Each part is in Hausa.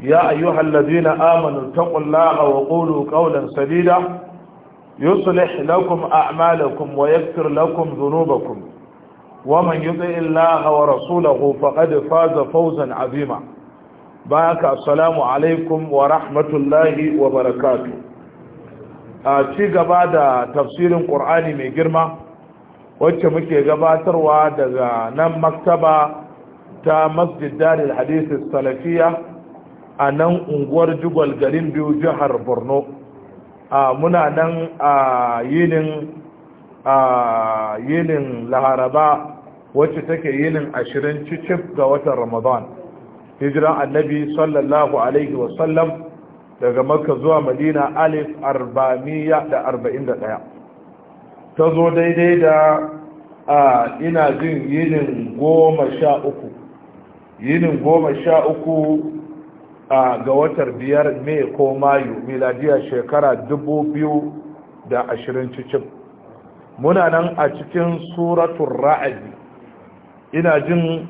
يا أيها الذين آمنوا اتقوا الله وقولوا قولا سديدا يصلح لكم أعمالكم ويغفر لكم ذنوبكم ومن يطع الله ورسوله فقد فاز فوزا عظيما بارك السلام عليكم ورحمة الله وبركاته أتي قبادة تفسير القرآن من جرمة وكمكي قباتر ودغا نم مكتبة تا مسجد دار الحديث السلفية a nan unguwar jugwal garin biyu jihar borno a muna nan a yinin a yinin laharaba wacce take yinin ashirin cicif ga watan ramadan hijira annabi sallallahu alaihi wasallam daga makka zuwa madina alif arba'amiya da arba'in da ɗaya ta zo daidai da ina jin yinin goma sha uku yinin goma sha uku a ga watar biyar mai ko mayu miladiya shekara dubu biyu da ashirin cikin muna nan a cikin suratun ra'adi ina jin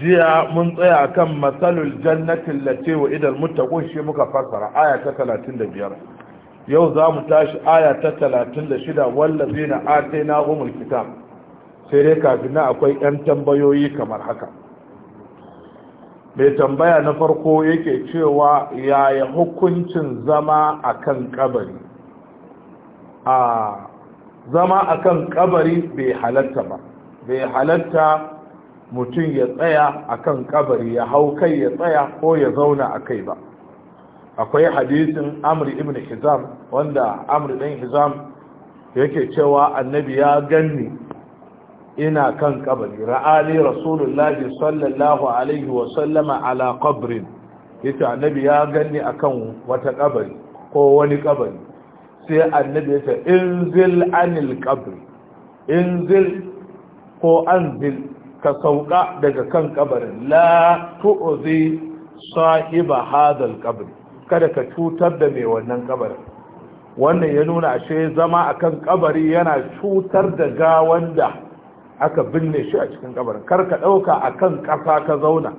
jiya mun tsaya kan matsalul jannatin lace wa idan mutakun shi muka fassara aya ta talatin da biyar yau za mu tashi aya ta talatin da shida wallafi na ate na umar kitab sai dai kafin na akwai 'yan tambayoyi kamar haka mai tambaya na farko yake cewa yaya hukuncin zama kan kabari a zama akan kabari bai halatta ba bai halatta mutum ya tsaya a kan kabari ya hau kai ya tsaya ko ya zauna a kai ba akwai hadisin amri ibn hizam wanda amri ɗan hizam yake cewa annabi ya ganni ina kan kabari ra'ali rasulullahi sallallahu alaihi wa sallama ala qabrin yace annabi ya ganni akan wata kabari ko wani kabari sai annabi yace inzil anil qabri inzil ko anzil ka sauka daga kan kabarin la tu'zi sahiba hadal qabri kada ka cutar da mai wannan kabarin wannan ya nuna ashe zama akan kabari yana cutar da ga wanda aka binne shi a cikin kabarin kar ka ɗauka a kan ƙasa ka zauna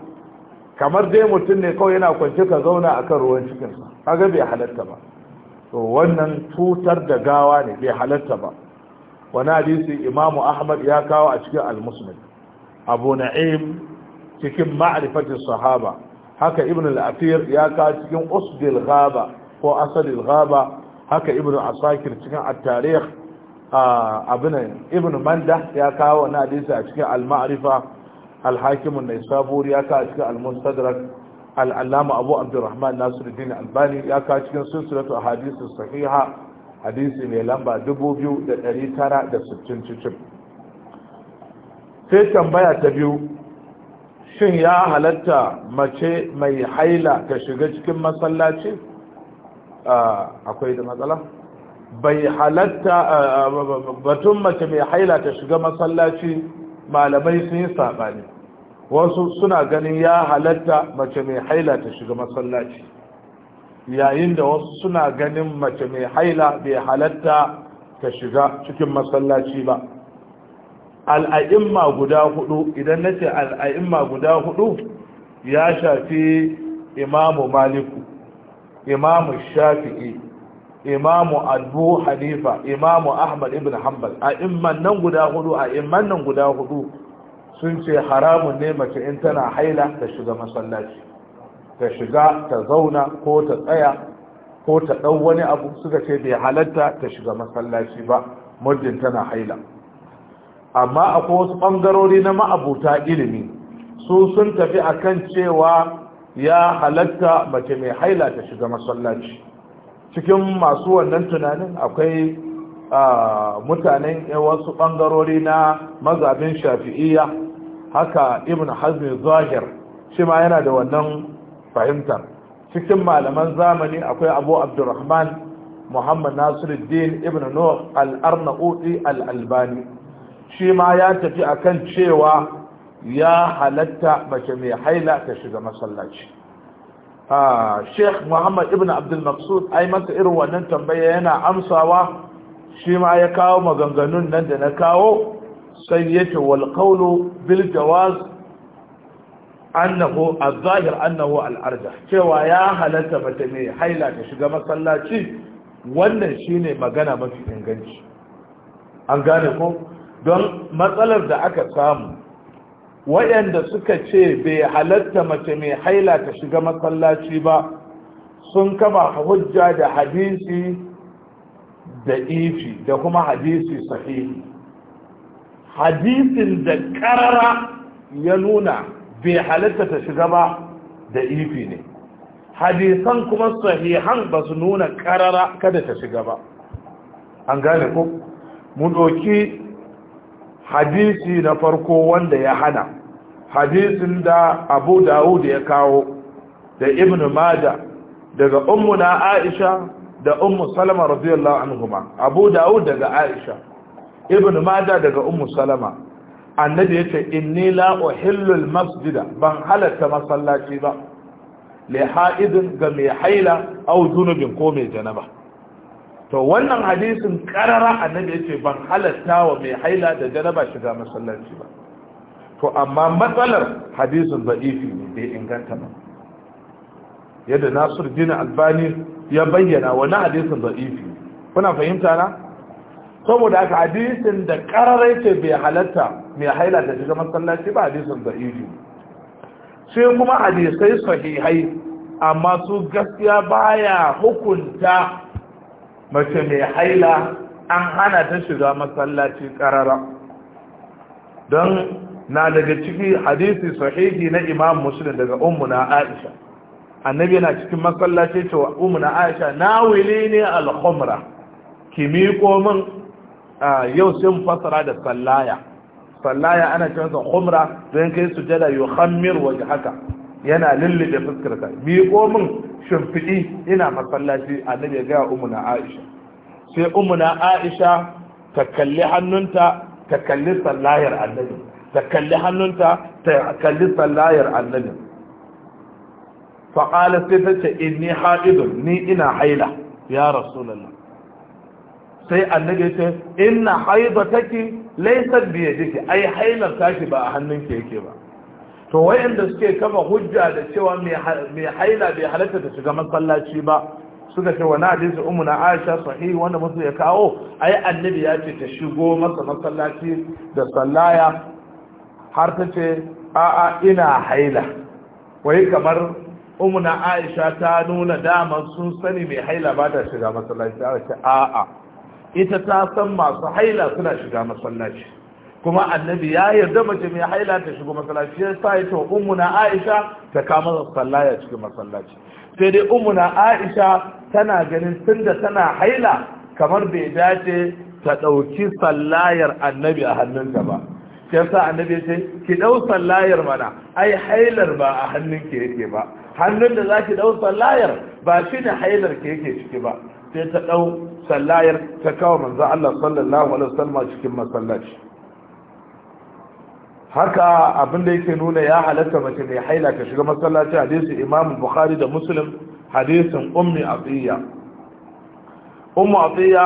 kamar dai mutum ne kawai yana kwance ka zauna a kan ruwan cikinsa kaga bai halatta ba to wannan cutar da gawa ne bai halatta ba wani hadisi imamu ahmad ya kawo a cikin al abu na'im cikin ma'rifatin sahaba haka ibn al-afir ya kawo cikin usdil ghaba ko asadil ghaba haka ibn asakir cikin at-tarikh abin ibn manda ya kawo wani hadisi a cikin al-ma'rifa al-hakimun na isabur ya kawo a cikin al-mustadrak al-allama abu abdurrahman nasiruddin albani ya kawo cikin silsilatu hadisi sahiha hadisi mai lamba 2960 sai tambaya ta biyu shin ya halatta mace mai haila ta shiga cikin masallaci akwai da matsala bai halatta batun mace mai haila ta shiga masallaci malamai sun yi saɓani wasu suna ganin ya halatta mace mai haila ta shiga masallaci yayin da wasu suna ganin mace mai haila bai halatta ta shiga cikin masallaci ba al'a'imma guda hudu idan na ce al'a'imma guda hudu ya shafi imamu maliku imamu shafi'i imamu abu hanifa imamu ahmad ibn hanbal a imman nan guda hudu a imman guda hudu sun ce haramun ne mace in tana haila ta shiga masallaci ta shiga ta zauna ko ta tsaya ko ta ɗau wani abu suka ce bai halatta ta shiga masallaci ba muddin tana haila amma akwai wasu ɓangarori na ma'abuta ilimi su sun tafi a kan cewa ya halatta mace mai haila ta shiga masallaci cikin masu wannan tunanin akwai mutanen eh, wasu ɓangarori na mazabin shafi'iyya haka ibn hazmi zahir shi ma yana da wannan fahimtar cikin malaman zamani akwai abu abdurrahman muhammad nasiruddin ibn nuh al-arnaudi al-albani shi ma ya tafi akan cewa ya halatta mace mai haila ta shiga masallaci Ah, sheikh muhammad ibn abdul maqsud ai masa irin wannan tambaya yana amsawa shi ma ya kawo maganganun nan da na kawo sai yake wal qawlu bil jawaz annahu az-zahir annahu al cewa ya halatta mace mai haila ta shiga masallaci wannan shine magana mafi inganci an gane ko don matsalar da aka samu waɗanda suka ce bai halatta mace mai haila ta shiga masallaci ba sun kama hujja da hadisi da ifi da kuma hadisi sahihi hadisin da karara ya nuna bai halatta ta shiga ba da ifi ne hadisan kuma sahihan ba su nuna karara kada ta shiga ba an gane ko mu ɗoki hadisi na farko wanda ya hana hadisin da abu dawud ya kawo da ibn mada daga na aisha da ummu salama radiyallahu anhuma abu dawud daga aisha ibn mada daga ummu salama annabi yace inni la uhillu almasjida ban halatta masallaci ba li haidin ga mai haila au zunubin ko mai janaba to wannan hadisin karara annabi yace ban halatta wa mai haila da janaba shiga masallaci ba to amma matsalar hadisin da'ifi ne bai inganta ba yadda Nasir din Albani ya bayyana wani hadisin da'ifi kuna fahimta na saboda haka hadisin da karara yace bai halatta mai haila da shiga masallaci ba hadisin da'ifi sai kuma hadisai sahihai amma su gaskiya baya hukunta mace mai haila an hana ta shiga masallaci karara don na daga ciki hadisi sahihi na imam muslim daga ummuna aisha annabi yana cikin masallaci cewa ummuna aisha na wili ne alhumra ki miƙo min yau sun fasara da sallaya sallaya ana cewa humra don kai sujada yuhammir waje haka yana lullube fuskarsa miƙo min shimfiɗi ina masallaci annabi ya gaya umuna aisha sai umuna aisha ta kalli hannunta ta kalli sallayar annabi ta kalli hannunta ta kalli sallayar annabi qala sai ta ce inni haidun ni ina haila ya rasulullah sai annabi ce inna haidataki laysa biyadiki ai hailar taki ba a hannunki yake ba to wayanda suke kama hujja da cewa mai haila bai halatta ta shiga masallaci ba suka ce wani hadisi umu na aisha sahihi wanda musu ya kawo ai annabi ya ce ta shigo masa masallaci da sallaya har ta ce a'a ina haila wai kamar umu na aisha ta nuna dama sun sani mai haila ba ta shiga masallaci a'a ita ta san masu haila suna shiga masallaci kuma annabi ya yarda mace mai haila ta shigo masallaci ya sa ita umuna aisha ta kama sallaya cikin masallaci sai dai umuna aisha tana ganin tunda tana haila kamar bai dace ta ɗauki sallayar annabi a hannunta ba sai sa annabi ce ki ɗau sallayar mana ai hailar ba a hannun ki yake ba hannun da zaki ɗau sallayar ba shine hailar ki yake ciki ba sai ta ɗau sallayar ta kawo manzo Allah sallallahu alaihi wasallam cikin masallaci haka abin da yake nuna ya halatta mace mai haila ka shiga masallaci hadisin imam bukhari da muslim hadisin ummi atiya ummu atiya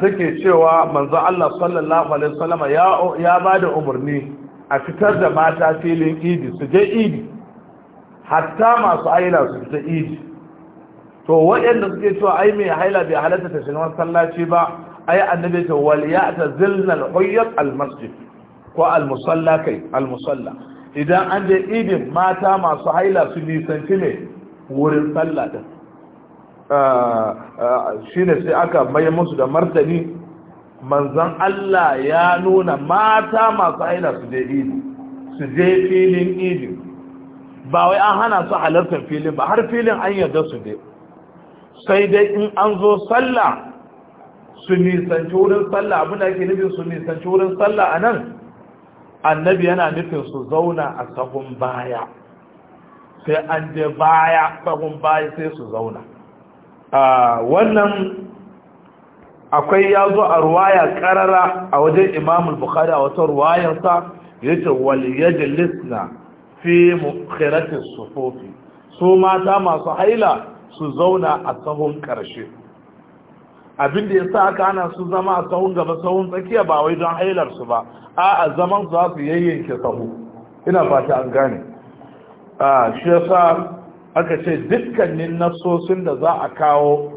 take cewa manzo Allah sallallahu alaihi wasallam ya ya bada umarni a fitar da mata filin idi su je idi hatta masu haila su fita idi to waɗanda suke cewa ai mai haila bai halatta ta shiga masallaci ba ai annabi ta wal ya'tazilna al al-masjid ko almusalla kai almusalla idan an je idin mata masu haila su nisanci ne wurin sallah din ah, ah, shine sai aka mai musu da martani manzon Allah ya nuna mata masu haila su je idi su je filin idi ba wai an hana su halartar filin ba har filin an yarda su je sai dai in an zo sallah su nisanci wurin sallah abin da ake nufin su nisanci wurin sallah a nan annabi yana nufin su zauna a sahun baya sai an je baya sahun baya sai su zauna wannan akwai ya zo a ruwaya karara a wajen imamul bukhari a wata ruwayarsa ya ce waliyajin lisna fi mukhiratin sufofi su mata masu haila su zauna a sahun karshe abin da ya sa aka ana su zama a sahun gaba sahun tsakiya ba wai don hailar su ba a a zaman za su yayyanke sahu ina fata an gane a shi sa aka ce dukkanin nasosin da za a kawo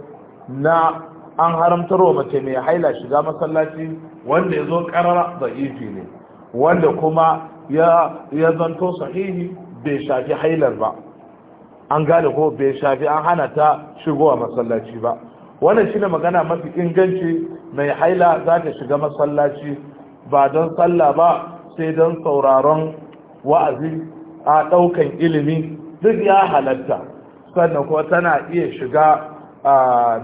na an haramtar wa mace mai haila shiga masallaci wanda ya zo karara da ifi ne wanda kuma ya zanto sahihi bai shafi hailar ba an gane ko bai shafi an hana ta shigowa masallaci ba wannan shine magana mafi inganci mai haila za ta shiga masallaci ba don sallah ba sai don sauraron wa'azi a ɗaukan ilimi duk ya halatta sannan kuma tana iya shiga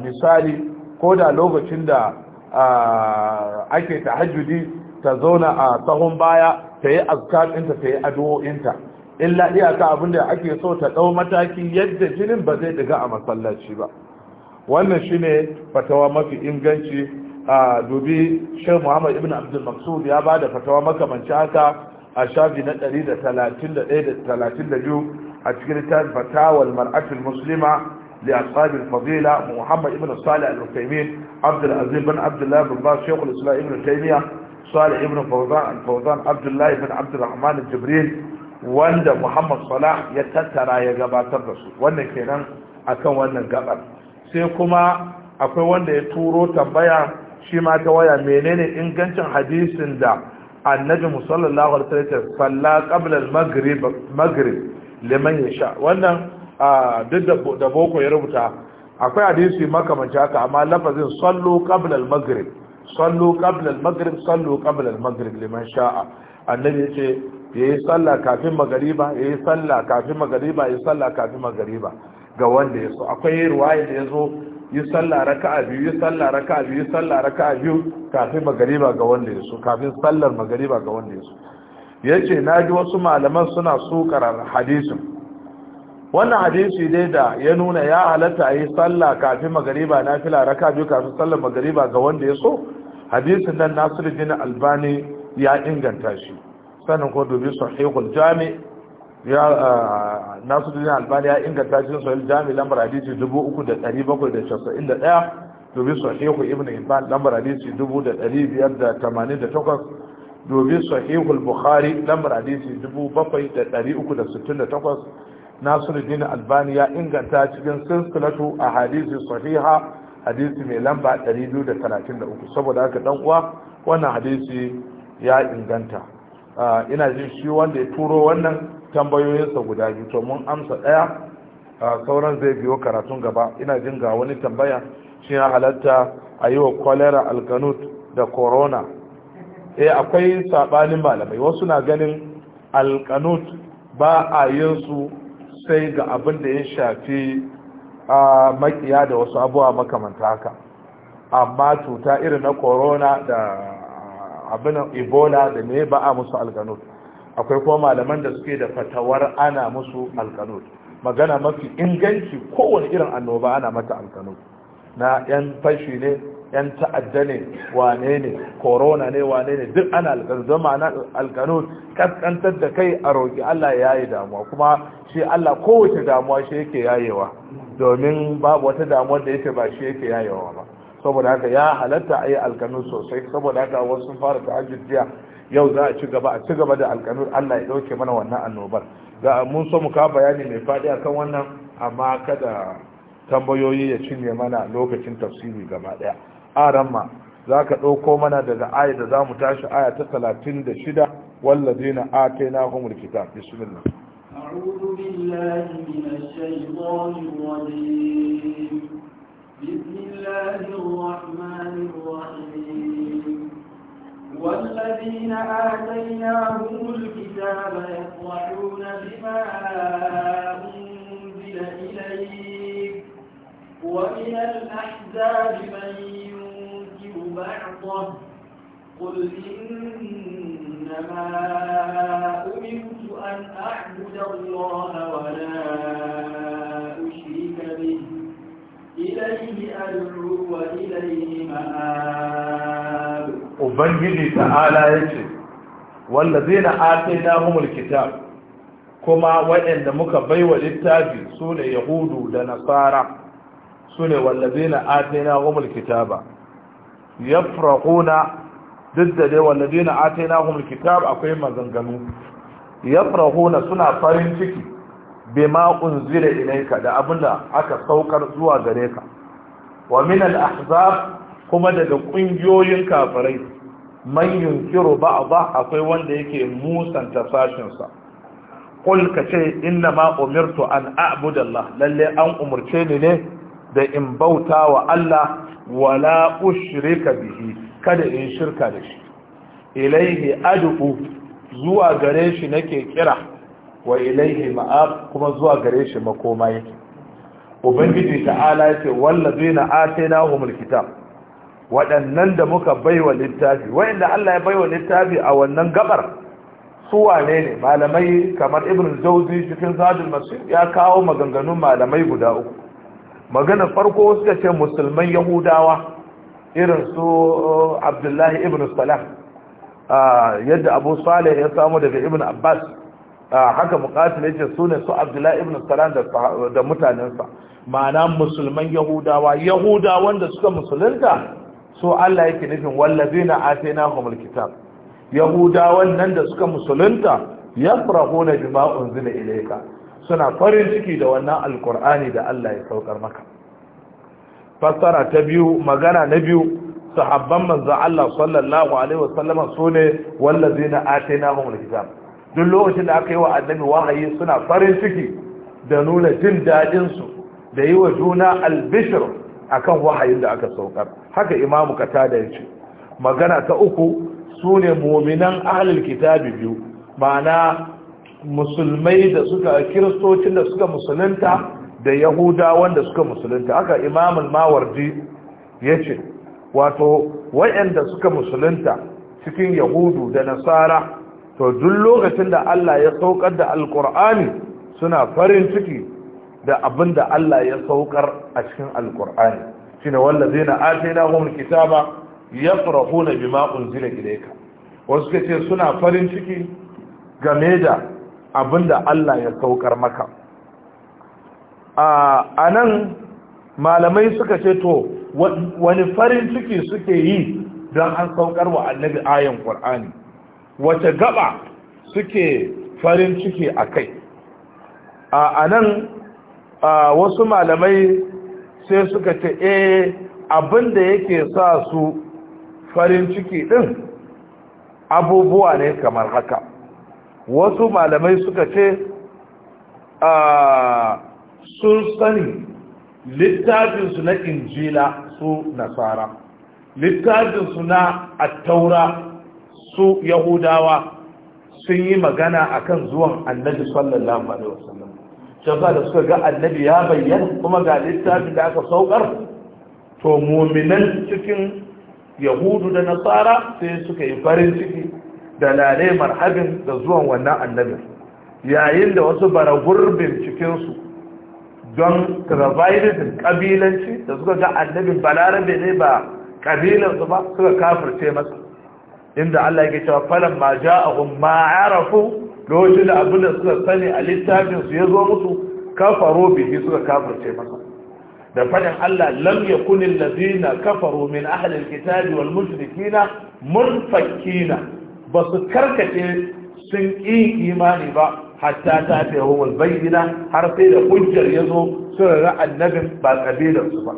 misali ko da lokacin da ake tahajjudi ta zauna a tsahon baya ta yi azkarinta ta yi addu'o'inta illa iyaka abinda ake so ta ɗau mataki yadda jinin ba zai diga a masallaci ba wannan shine fatawa mafi inganci a dubi Sheikh Muhammad ibn Abdul Maksud ya ba da fatawa makamanci haka a shafi na 131 da 32 a cikin littafin Fatawal Mar'atul Muslima li ashabi fadila Muhammad ibn Salih al-Uthaymeen Abdul azim bin Abdullah bin Baz Sheikh al-Islam ibn Taymiyyah Salih ibn Fawzan al-Fawzan Abdullah ibn Abdul Rahman al-Jibril wanda Muhammad Salah ya tattara ya gabatar da su wannan kenan akan wannan gabar sai kuma akwai wanda ya turo tambaya shi ma ta waya menene ingancin hadisin da annabi musallallahu alaihi wasallam salla qabla al-maghrib maghrib liman yasha wannan duk da boko ya rubuta akwai hadisi makamanci haka amma lafazin sallu qabla al-maghrib sallu qabla al-maghrib sallu qabla al-maghrib liman sha'a annabi yace yayi salla kafin magariba yayi salla kafin magariba yayi salla kafin magariba ga wanda ya so akwai ruwaya da ya zo yi sallara raka'a biyu yi sallara raka'a biyu yi sallah raka'a biyu kafin magariba ga wanda ya so kafin sallar magariba ga wanda ya so Ya ce na ji wasu malaman suna karar hadisin wannan hadisi dai da ya nuna ya halatta a yi salla kafin magariba na fila raka biyu kafin sallar magariba ga wanda ya so hadisin nan nasiru jini albani ya inganta shi sannan ko dubi sahihul jami ya nasu duniya albani ya inganta cikin sahih jami lambar hadisi 3791 dubi sahihu ibn hibban lambar hadisi 1588 dubi sahihu bukhari lambar hadisi 7368 nasiruddin albani ya inganta cikin silsilatu a hadisi sahiha hadisi mai lamba 233 saboda haka dan uwa wannan hadisi ya inganta ina jin shi wanda ya turo wannan tambayoyinsa guda biyu to mun amsa ɗaya a sauran zai biyo karatun gaba ina jin ga wani tambaya shi ya halatta a yi wa kwalera alkanut da corona eh akwai saɓanin malamai wasu na ganin alkanut ba a yin su sai ga abin da ya shafi a makiya da wasu abuwa makamanta haka amma cuta irin na corona da abin ebola da ne ba a musu alkanut akwai kuma malaman da suke da fatawar ana musu alkanot magana mafi inganci kowane irin annoba ana mata alkanot na yan fashi ne yan ta'adda ne wane ne corona ne wane ne duk ana alkanot zama ana alkanot kaskantar da kai a roƙi Allah ya yi damuwa kuma shi Allah kowace damuwa shi yake yayewa domin babu wata damuwar da yake ba shi yake yayewa ba saboda haka ya halatta a yi alkanu sosai saboda haka wasu sun fara ta'ajjud yau za a ci gaba a ci gaba da alkanur Allah ya dauke mana wannan annobar za mun so mu ka bayani mai fadi kan wannan amma kada tambayoyi ya cinye mana lokacin tafsiri gaba daya arama zaka za ka ɗauko mana daga aya da za mu tashi aya ta talatin da shida na atainahumul kitab bismillah أعوذ بالله من الشيطان الرجيم بسم الله الرحمن الرحيم والذين آتيناهم الكتاب يفرحون بما أنزل إليك ومن الأحزاب من ينكر بعضه قل إنما أمرت أن أعبد الله ولا أشرك به إليه أدعو وإليه مآب ubangiji ta'ala ya ce wanda zai na ake namumul kitab kuma waɗanda muka baiwa littafi su ne yahudu da nasara su ne wanda zai na ake namumul kitaba ya farahuna duk da dai wanda zai na ake namumul kitab akwai maganganu ya farahuna suna farin ciki bai ma'un zira ilaika da abinda aka saukar zuwa gare ka wa min al-ahzab kuma daga ƙungiyoyin kafirai man yunkiru ba akwai wanda yake musanta sashin ƙul ka ce inna ma umirtu an abudallah lalle an umarce ni ne da in bauta wa Allah wala ushrika bihi kada in shirka da shi ilaihi ad'u zuwa gare shi nake kira wa ilaihi ma'ab kuma zuwa gare shi makoma yake ubangiji ta'ala yace wallazina atainahumul kitab waɗannan da muka baiwa littafi wayanda Allah ya bai wa littafi a wannan gabar su wane ne malamai kamar ibn jauzi cikin zadul masir ya kawo maganganun malamai guda uku magana farko suka ce musulman yahudawa irin su uh, abdullahi ibn salam uh, yadda abu salih ya samu daga ibn abbas uh, haka mukatil yake su ne su abdullahi ibn salam da mutanensa ma'ana musulman yahudawa yahudawan da suka musulunta so Allah yake nufin wallazina atainahum alkitab yahudawan nan da suka musulunta yafrahuna bima unzila ilayka suna farin ciki da wannan alkur'ani da Allah ya saukar maka fassara ta biyu magana na biyu sahabban manzon Allah sallallahu alaihi wasallam sune wallazina atainahum alkitab duk lokacin da aka yi wa annabi wahayi suna farin ciki da nuna jin dadin su da yi wa juna albishir akan wahayin da aka saukar haka imamu katada ya ce magana ta uku sune muminan ahlul kitabi biyu ma'ana musulmai da suka kristocin da suka musulunta da yahuda wanda suka musulunta haka imamul mawardi ya wato wayanda suka musulunta cikin yahudu da nasara to duk lokacin da Allah ya saukar da alkur'ani suna farin ciki da abin da Allah ya saukar a cikin alkur'ani wanda zai na atina hum kitaba ma'un bima gida ka wasu ka ce suna farin ciki game da abin da Allah ya saukar maka a nan malamai suka ce to wani farin ciki suke yi don an saukar wa annabi ayan kur'ani wace gaba suke farin ciki a kai a nan wasu malamai sai suka ce e, eh, abinda yake sa su farin ciki din abubuwa ne kamar haka wasu malamai suka ce sun sani littafinsu na injila su nasara littafinsu na attaura su yahudawa sun yi magana akan zuwan annabi sallallahu alaihi wasallam shafa da suka ga annabi ya bayyana kuma ga littafin da aka saukar to muminan cikin yahudu da nasara sai suka yi farin ciki da lalai marhabin da zuwan wannan annabin yayin da wasu bara gurbin cikinsu don travailin kabilanci da suka ga annabin balarabe ne ba kabilansu ba suka kafirce masa inda Allah yake cewa falon ma ja'ahum ya arafu lokacin da abin da suka sani a littafinsu ya zo musu kafaro bihi suka kafirce masa da fadin Allah lam yakun allazina kafaru min ahli alkitabi wal mushrikina munfakina basu karkace sun yi imani ba hatta ta fi huwal bayyina har sai da hujjar yazo zo suna annabin ba kabilar ba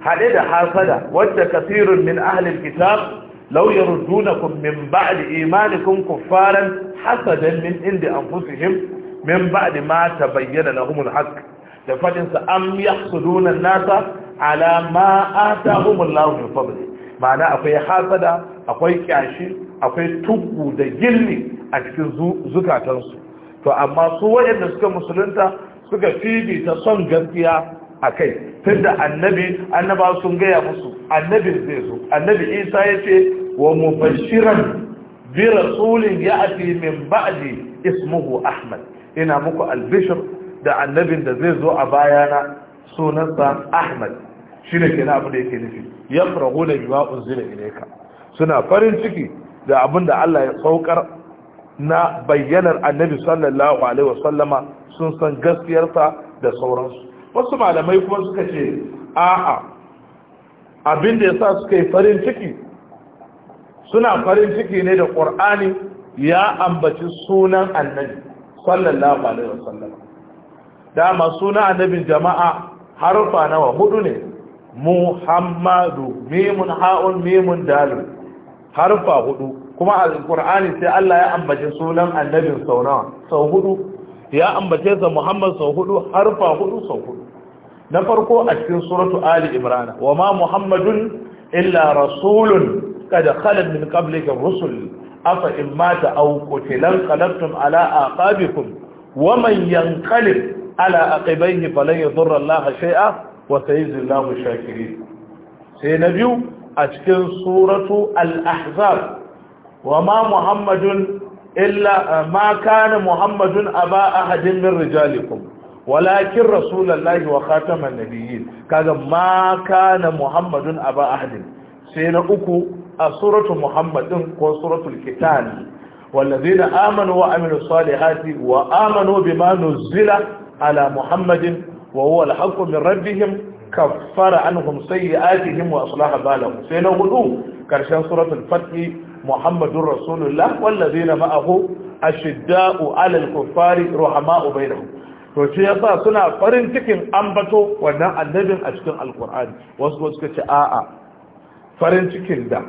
hade da hasada wadda kasirun min ahalin alkitab لو يردونكم من بعد إيمانكم كفارا حسدا من عند أنفسهم من بعد ما تبين لهم الحق لفتنس أم يحصدون الناس على ما آتاهم الله من فضله معنى أخي حاسدا أخي كعشي أخي تبو دجلي أكتن زكاة تنسو فأما سوى أن سكا مسلمتا سكا فيدي تصنجر فيها a kai tunda annabi annaba sun gaya musu annabin zai zo annabi isa ya ce wa mubashiran bi rasulin ya'ti min ba'di ismuhu ahmad ina muku albishir da annabin da zai zo a bayana sunansa ahmad shine kenan abu da yake nufi yafrahuna bima unzila ilayka suna farin ciki da abin da Allah ya saukar na bayyanar annabi sallallahu alaihi wasallama sun san gaskiyarsa da sauransu wasu malamai kuma suka ce a'a abinda da yasa suka yi farin ciki suna farin ciki ne da qur'ani ya ambaci sunan annabi sallallahu alaihi wasallam dama sunan annabin jama'a harfa nawa hudu ne muhammadu mimun ha'un mimun dalil harfa hudu kuma a qur'ani sai Allah ya ambaci sunan annabin sau nawa sau hudu ya ambace sa Muhammad sau hudu harfa hudu sau hudu na farko a cikin suratu Ali Imran wa ma Muhammadun illa rasulun kada khalat min qablihi rusul afa in mata aw qutilan qalabtum ala aqabikum wa man yanqalib ala aqibayhi falan yadurra Allah shay'a wa sayajzillahu shakirin sai na biyu a cikin suratu al-ahzab wa ma Muhammadun illa eh, ma kana muhammadun aba ahadin min rijalikum walakin rasulullahi wa khataman nabiyyin kaga ma Muhammadu muhammadun aba ahadin sai na uku a suratu muhammadin ko suratul kitan walladhina amanu wa amilus salihati wa amanu bima nuzila ala muhammadin wa huwa alhaqqu min rabbihim kaffara anhum sayyi'atihim wa aslaha balahum sai na hudu karshen suratul fatih muhammadun rasulullah wallazina ma'ahu ashidda'u 'alal kufari rahama'u bainahum to ce yasa suna farin cikin ambato wannan annabin a cikin alkur'ani wasu suka ce a'a farin cikin da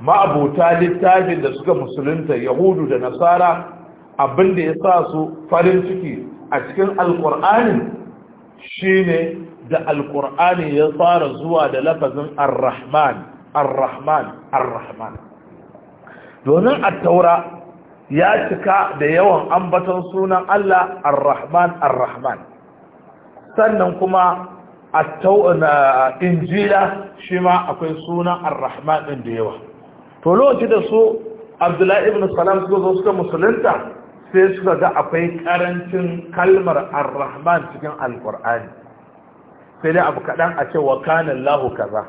ma'abuta littafin da suka musulunta yahudu da nasara abinda ya sa su farin ciki a cikin alkur'ani shine da alkur'ani ya fara zuwa da lafazin ar-rahman ar-rahman ar-rahman domin attaura ya cika da yawan ambaton sunan Allah ar-Rahman ar-Rahman sannan kuma injila shi ma akwai sunan ar-Rahman ɗin da yawa to lokacin da su abdullahi ibn salam suka zo suka musulunta sai suka ga akwai karancin kalmar ar-Rahman cikin alkur'ani sai dai abu kaɗan a ce wa kanin kaza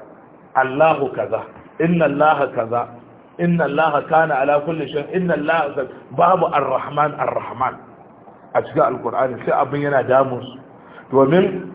allahu kaza inna allaha kaza inna allaha kana ala kulli shay inna allaha babu arrahman arrahman a cikin alqur'ani sai abin yana damun su domin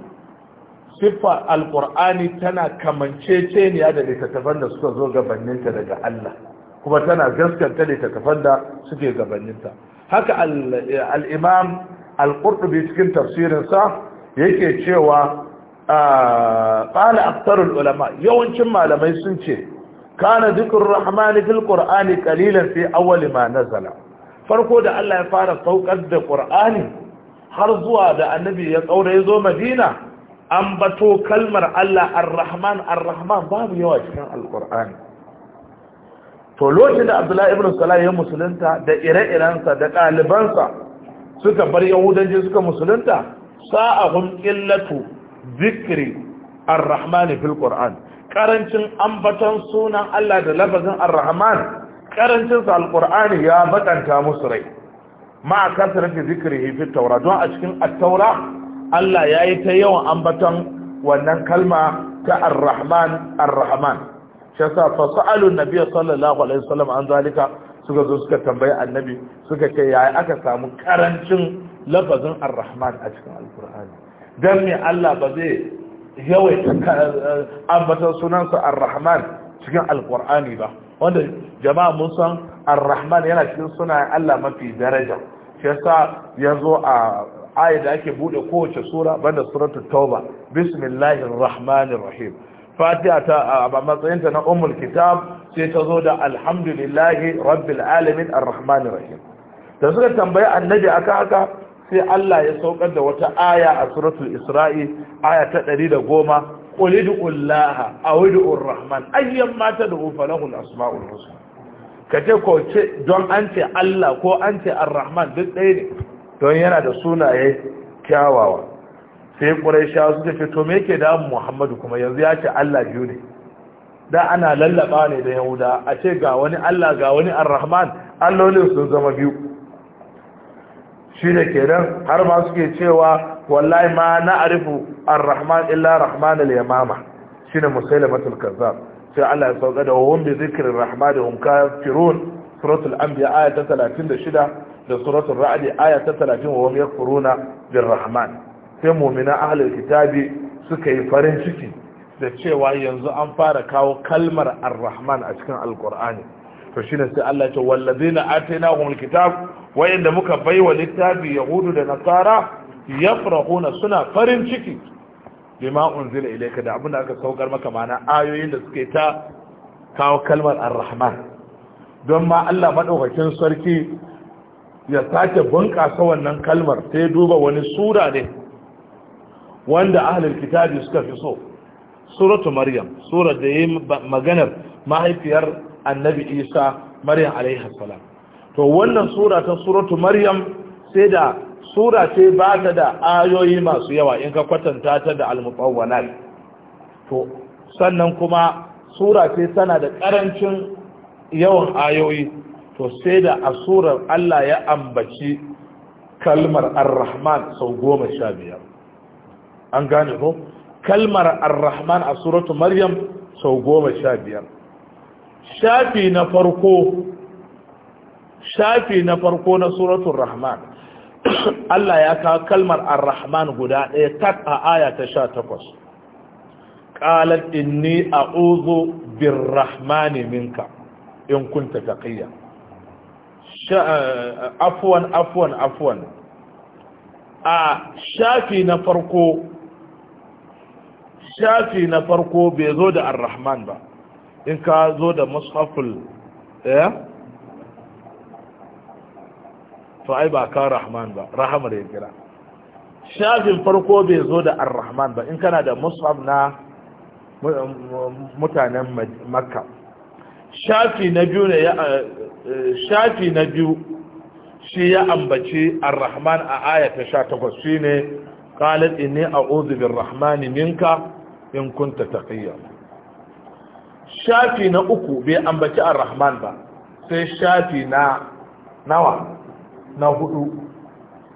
siffa alqur'ani tana kamanceceniya da littattafan da suka zo gabaninta daga Allah kuma tana gaskanta littattafan da suke ta haka al-imam al-qurtubi cikin tafsirinsa yake cewa ah, qala aktarul ulama yawancin malamai sun ce kana zikrur rahmani fil qur'ani sai fi awwal ma nazala farko da Allah ya fara saukar da ƙur'ani har zuwa da annabi ya tsaura ya zo madina an bato kalmar Allah ar-rahman ar-rahman babu yawa cikin alqur'ani to lokacin da Abdullahi ibn Salah ya musulunta da ire-irensa da ɗalibansa suka bar yahudanci suka musulunta sa'ahum illatu zikri ar-rahman fil qur'an karancin ambaton sunan Allah da lafazin ar-rahman karancin sa alqur'ani ya bakanta musu rai ma kasrati zikiri fi taura? don a cikin at-taura Allah yayi ta yawan ambaton wannan kalma ta ar-rahman ar-rahman Shasa fa sa'alu an-nabiy sallallahu alaihi wasallam an zalika suka zo suka tambayi annabi suka ce yayi aka samu karancin lafazin ar-rahman a cikin alqur'ani dan me Allah ba zai yawaita eh, ambatan sunansa ar-rahman cikin alkur'ani ba wanda jama'a mun san ar-rahman yana cikin sunayen Allah mafi daraja shi ya zo a aya da ake bude kowace sura banda suratul tauba bismillahir rahmanir rahim fatiha ta a matsayinta na Umar kitab sai ta zo da alhamdulillahi rabbil alamin ar-rahmanir rahim da suka tambayi annabi aka haka sai Allah ya saukar da wata aya a suratul Isra'i aya ta 110 qul goma. aw ud'ur rahman ayyam ma tad'u falahu al-asma'ul husna kace ko ce don an ce Allah ko an ce ar-rahman duk ɗaya ne don yana da sunaye kyawawa sai quraisha su ce to me yake da Muhammadu kuma yanzu ya ce Allah biyu ne da ana lallaba ne da Yahuda a ce ga wani Allah ga wani ar-rahman allolin sun zama biyu ke kenan har ma suke cewa wallahi ma na arifu ar-rahman illa rahman al-yamama shine musailamatul kazzab sai Allah ya sauka da wahum bi zikrir rahman hum kafirun suratul anbiya aya ta 36 da suratul ra'd aya ta 30 wa hum yakfuruna bir rahman sai mu'mina ahlul kitabi suka yi farin ciki da cewa yanzu an fara kawo kalmar arrahman rahman a cikin alqur'ani to ne sai Allah ya ce wallazina atainahumul kitab wayanda muka baiwa littafi yahudu da nasara yafrahuna suna farin ciki bima unzila ilayka da abinda aka saukar maka mana ayoyin da suke ta kawo kalmar ar don ma Allah madaukakin sarki ya sake bunƙasa wannan kalmar sai duba wani sura ne wanda ahlul kitabi suka fi so suratu maryam surar da yayi maganar mahaifiyar annabi isa maryam alaihi salam to wannan sura ta suratu maryam sai da sura ce ba ta da ayoyi masu yawa in ka kwatanta ta da al-mutawwalat to sannan kuma sura ce tana da karancin yawan ayoyi to sai da a surar Allah ya ambaci kalmar ar-rahman sau goma an gane ko kalmar ar-rahman a suratu maryam sau goma sha biyar shafi na farko shafi na farko na suratul rahman Allah ya ka kalmar ar-rahman guda ɗaya tat a aya ta 18 takwas qalat inni a'udhu birrahmani minka in kunta taqiya afwan afwan afwan a shafi na farko shafi na farko bai zo da ar-rahman ba in ka zo da mushaful eh to ai ba ka rahman ba rahamar ya kira shafin farko bai zo da ar-rahman ba in kana da musab na mutanen makka shafi na biyu ne ya eh, shafi na biyu shi ya ambaci ar-rahman a ayata 18 shine qalat inni a'udhu bir-rahmani minka in kunta taqiyya shafi na uku bai ambaci ar-rahman ba sai shafi na nawa na hudu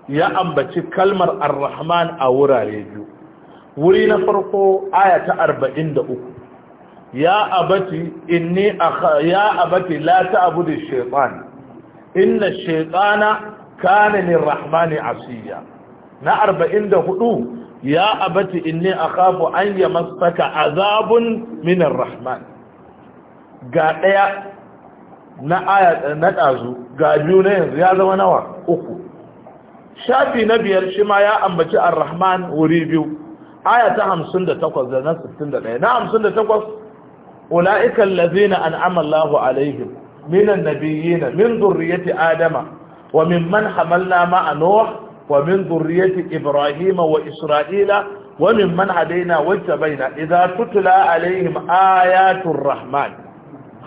ya ambaci kalmar ar-rahman a wurare biyu wuri na farko aya ta 43 ya abati inni ya abati la ta'budu shaytan inna shaytana kana lirrahmani asiya na 44 ya abati inni akhafu an yamassaka azabun min ar-rahman ga daya na aya na ɗazu ga biyu na yanzu ya zama nawa uku shafi na biyar shi ma ya ambaci ar-rahman wuri biyu aya ta hamsin da takwas da na sittin da ɗaya na hamsin da takwas ula'ikan lazina an amallahu alaihim minan nabiyina min zurriyati adama wa min man hamalna a nuh wa min zurriyati ibrahima wa isra'ila wa min man hadaina baina. idza tutla alaihim ayatul rahman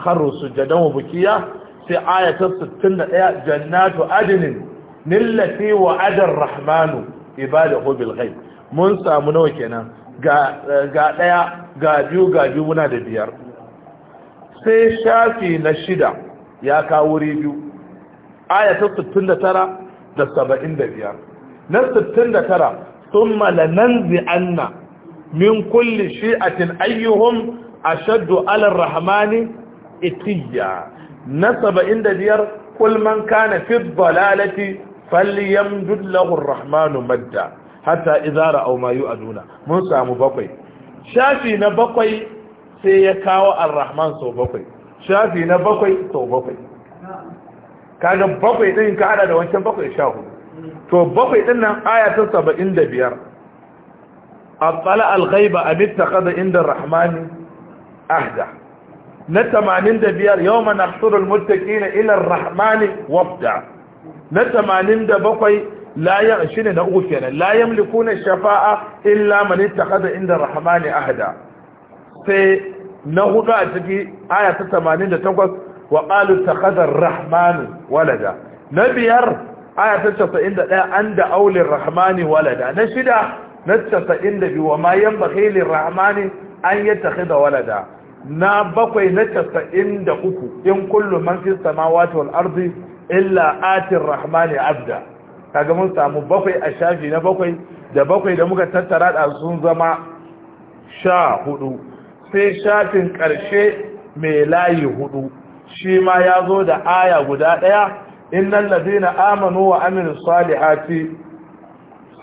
kharru sujadan wa bukiya sai aya ta 61 jannatu adnin nillati wa adar rahmanu ibadahu bil ghaib mun samu nawa kenan ga ga daya ga biyu ga biyu muna da biyar sai shafi na shida ya kawo wuri biyu aya ta 69 da 75 na 69 thumma lananzi anna min kulli shi'atin ayyuhum ashaddu ala ar-rahmani itiya na saba'in da biyar kulman kana fi dalalati falyamdud lahu arrahmanu madda hatta idza ra'aw ma yu'aduna mun samu bakwai shafi na bakwai sai ya kawo arrahman sau bakwai shafi na bakwai sau bakwai kaga bakwai din ka hada da wancan bakwai sha hudu to bakwai din nan aya ta saba'in da biyar a tsala alghaiba a mita kada inda rahmani ahda نتما نند يوم نحصر المتكين إلى الرحمن وفدا نتما نند لا يغشن نغوثينا يعني. لا يملكون الشفاء إلا من اتخذ عند الرحمن أهدا في نهوغا تجي آية تتما نند وقالوا اتخذ الرحمن ولدا نبيار آية تتشط عند عند أول الرحمن ولدا نشد نتشط عند وما ينبغي للرحمن أن يتخذ ولدا na bakwai na casa'in da uku in kullum man samawati wal illa atin rahmani abda kaga mun samu bakwai a shafi na bakwai da bakwai da muka tattara da sun zama sha hudu sai shafin karshe mai layi hudu shi ma ya zo da aya guda daya innal ladina amanu wa amilus salihati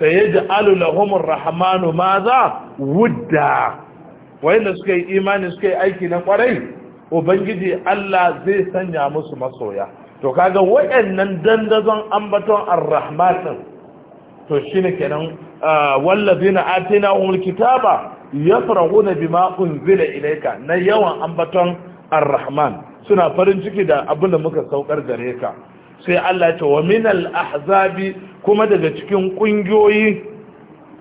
sayaj'alu lahumur rahmanu maza wudda wayanda suka yi imani suka yi aiki na kwarai ubangiji Allah zai sanya musu masoya to kaga wayannan dandazon ambaton arrahmatin to shine kenan wallazina atina umul kitaba yafrahuna bima unzila ilayka na yawan ambaton arrahman suna farin ciki da abin da muka saukar gare ka sai Allah ya ce wa minal ahzabi kuma daga cikin kungiyoyi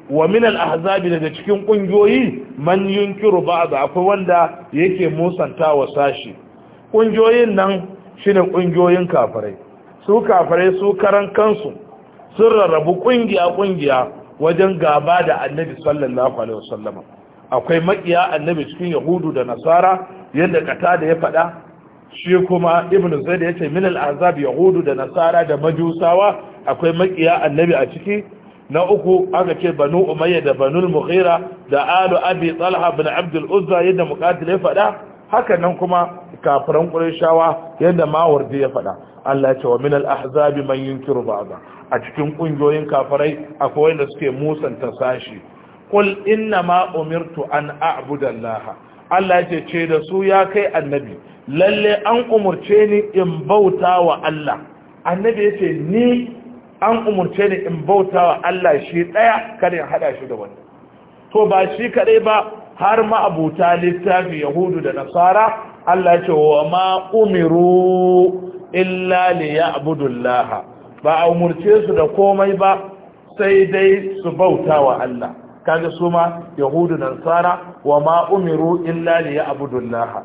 wa min al-ahzabi daga cikin kungiyoyi man yunkiru ba'd akwai wanda yake musanta wa sashi kungiyoyin nan shine kungiyoyin kafirai su kafirai su karan kansu sun rarrabu kungiya kungiya wajen gaba da annabi sallallahu alaihi wasallama akwai makiya annabi cikin yahudu da nasara yadda kata da ya faɗa shi kuma ibnu zaid ya ce min al-ahzab yahudu da nasara da majusawa akwai makiya annabi a ciki na uku aka ce banu umayya da banul mughira da alu abi talha bin abdul uzza yadda muqatil ya faɗa haka nan kuma kafiran qurayshawa yadda mawardi ya faɗa Allah ya ce wa min al ahzabi man yunkiru ba'da a cikin kungiyoyin kafirai akwai wanda suke musanta sashi qul inna ma umirtu an a'budu Allah Allah ya ce da su ya kai annabi lalle an umurce ni in bauta wa Allah annabi ya ce ni an umurce ni in bauta wa Allah shi ɗaya kada in haɗa shi da wani to ba shi kaɗai ba har ma'abuta littafi yahudu da nasara Allah ce wa ma umiru illa li ya'budullah ba a umurce su da komai ba sai dai su bauta wa Allah kaga su ma yahudu da nasara wa ma umiru illa li ya'budullah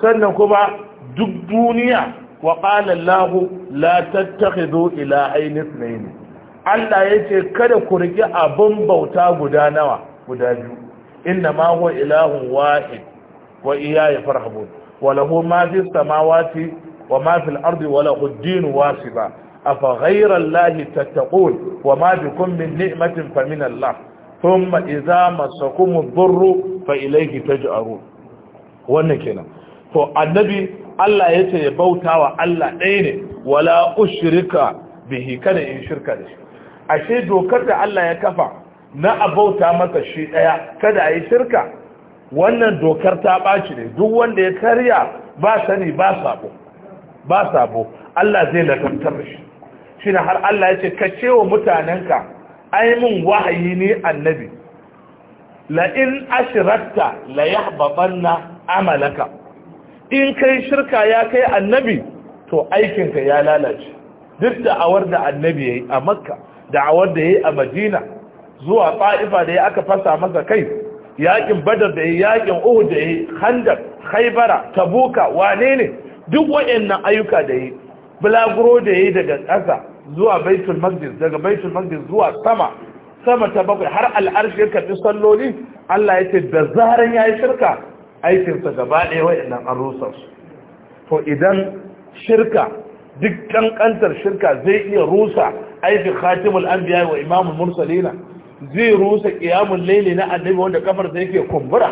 sannan kuma duk duniya wa qala Allah la tattakhidhu ilahayn ithnayn Allah yace kada ku rike abun bauta guda nawa guda biyu inna ma huwa ilahun wahid wa iyaya farhabun wa lahu ma fi samawati wa ma fil ardi wa lahu ad-din wasiba afa ghayra allahi tattaqun wa ma bikum min ni'matin fa min allah thumma idza masakum ad-durru fa ilayhi taj'arun wannan kenan to annabi Allah ya ce ya bauta wa Allah ɗaya ne wala ushirika bihi kada in shirka da shi ashe dokar da Allah ya kafa na a bauta masa shi ɗaya kada a yi shirka wannan dokar ta ɓaci ne duk wanda ya karya ba sani ba sabo ba sabo Allah zai lakantar da shi shi har Allah ya ce ka ce wa mutanenka ai mun wahayi ne annabi la in ashrakta la yahbabanna amalaka in kai shirka ya kai annabi to aikinka ya lalace duk da'awar da annabi ya a makka da'awar da ya yi a madina zuwa ta'ifa da ya aka fasa masa kai yakin badar da ya yi yakin uhud da ya yi handar haibara tabuka wane ne duk waɗannan ayyuka da ya yi bulaguro da ya yi daga ƙasa zuwa baitul maqdis daga baitul maqdis zuwa sama sama ta bakwai har al'arshi ya karɓi salloli Allah ya ce da zaran ya yi shirka aikinsa gaba ɗaya wa'annan an rusa su to idan shirka duk kankantar shirka zai iya rusa aikin khatimul anbiya wa imamul mursalina zai rusa ƙiyamun Laili na annabi wanda kafar sa yake kumbura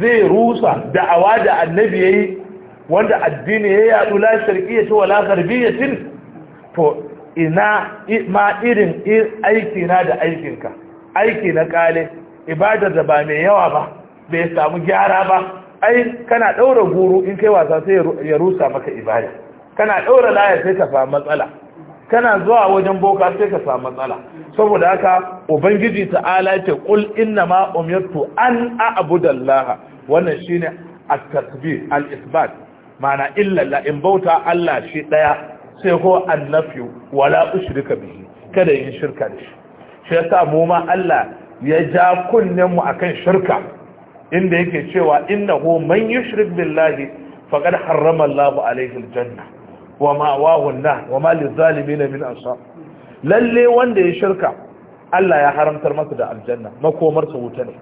zai rusa da'awa da annabi yayi wanda addini ya yadu la sharqiyyati wala gharbiyyatin to ina ma irin aiki na da aikinka aiki na kale Ibadar da ba mai yawa ba bai samu gyara ba ai kana ɗaura guru in kai wasa sai ya rusa maka ibada kana ɗaura laya sai ka samu matsala kana zuwa wajen boka sai ka samu matsala saboda haka ubangiji ta'ala ce kul inna ma umirtu an wannan shine at-tasbih al-isbat Mana illa la in bauta Allah shi daya sai ko annafi wala ushrika bihi kada yin shirka da shi shi yasa mu ma Allah ya ja kunnen mu akan shirka inda yake cewa innahu man yushrik billahi faqad harrama Allahu alayhi aljanna wa ma an wa ma lizalimin min ansar lalle wanda ya shirka Allah ya haramtar masa da aljanna makomar sa wuta ne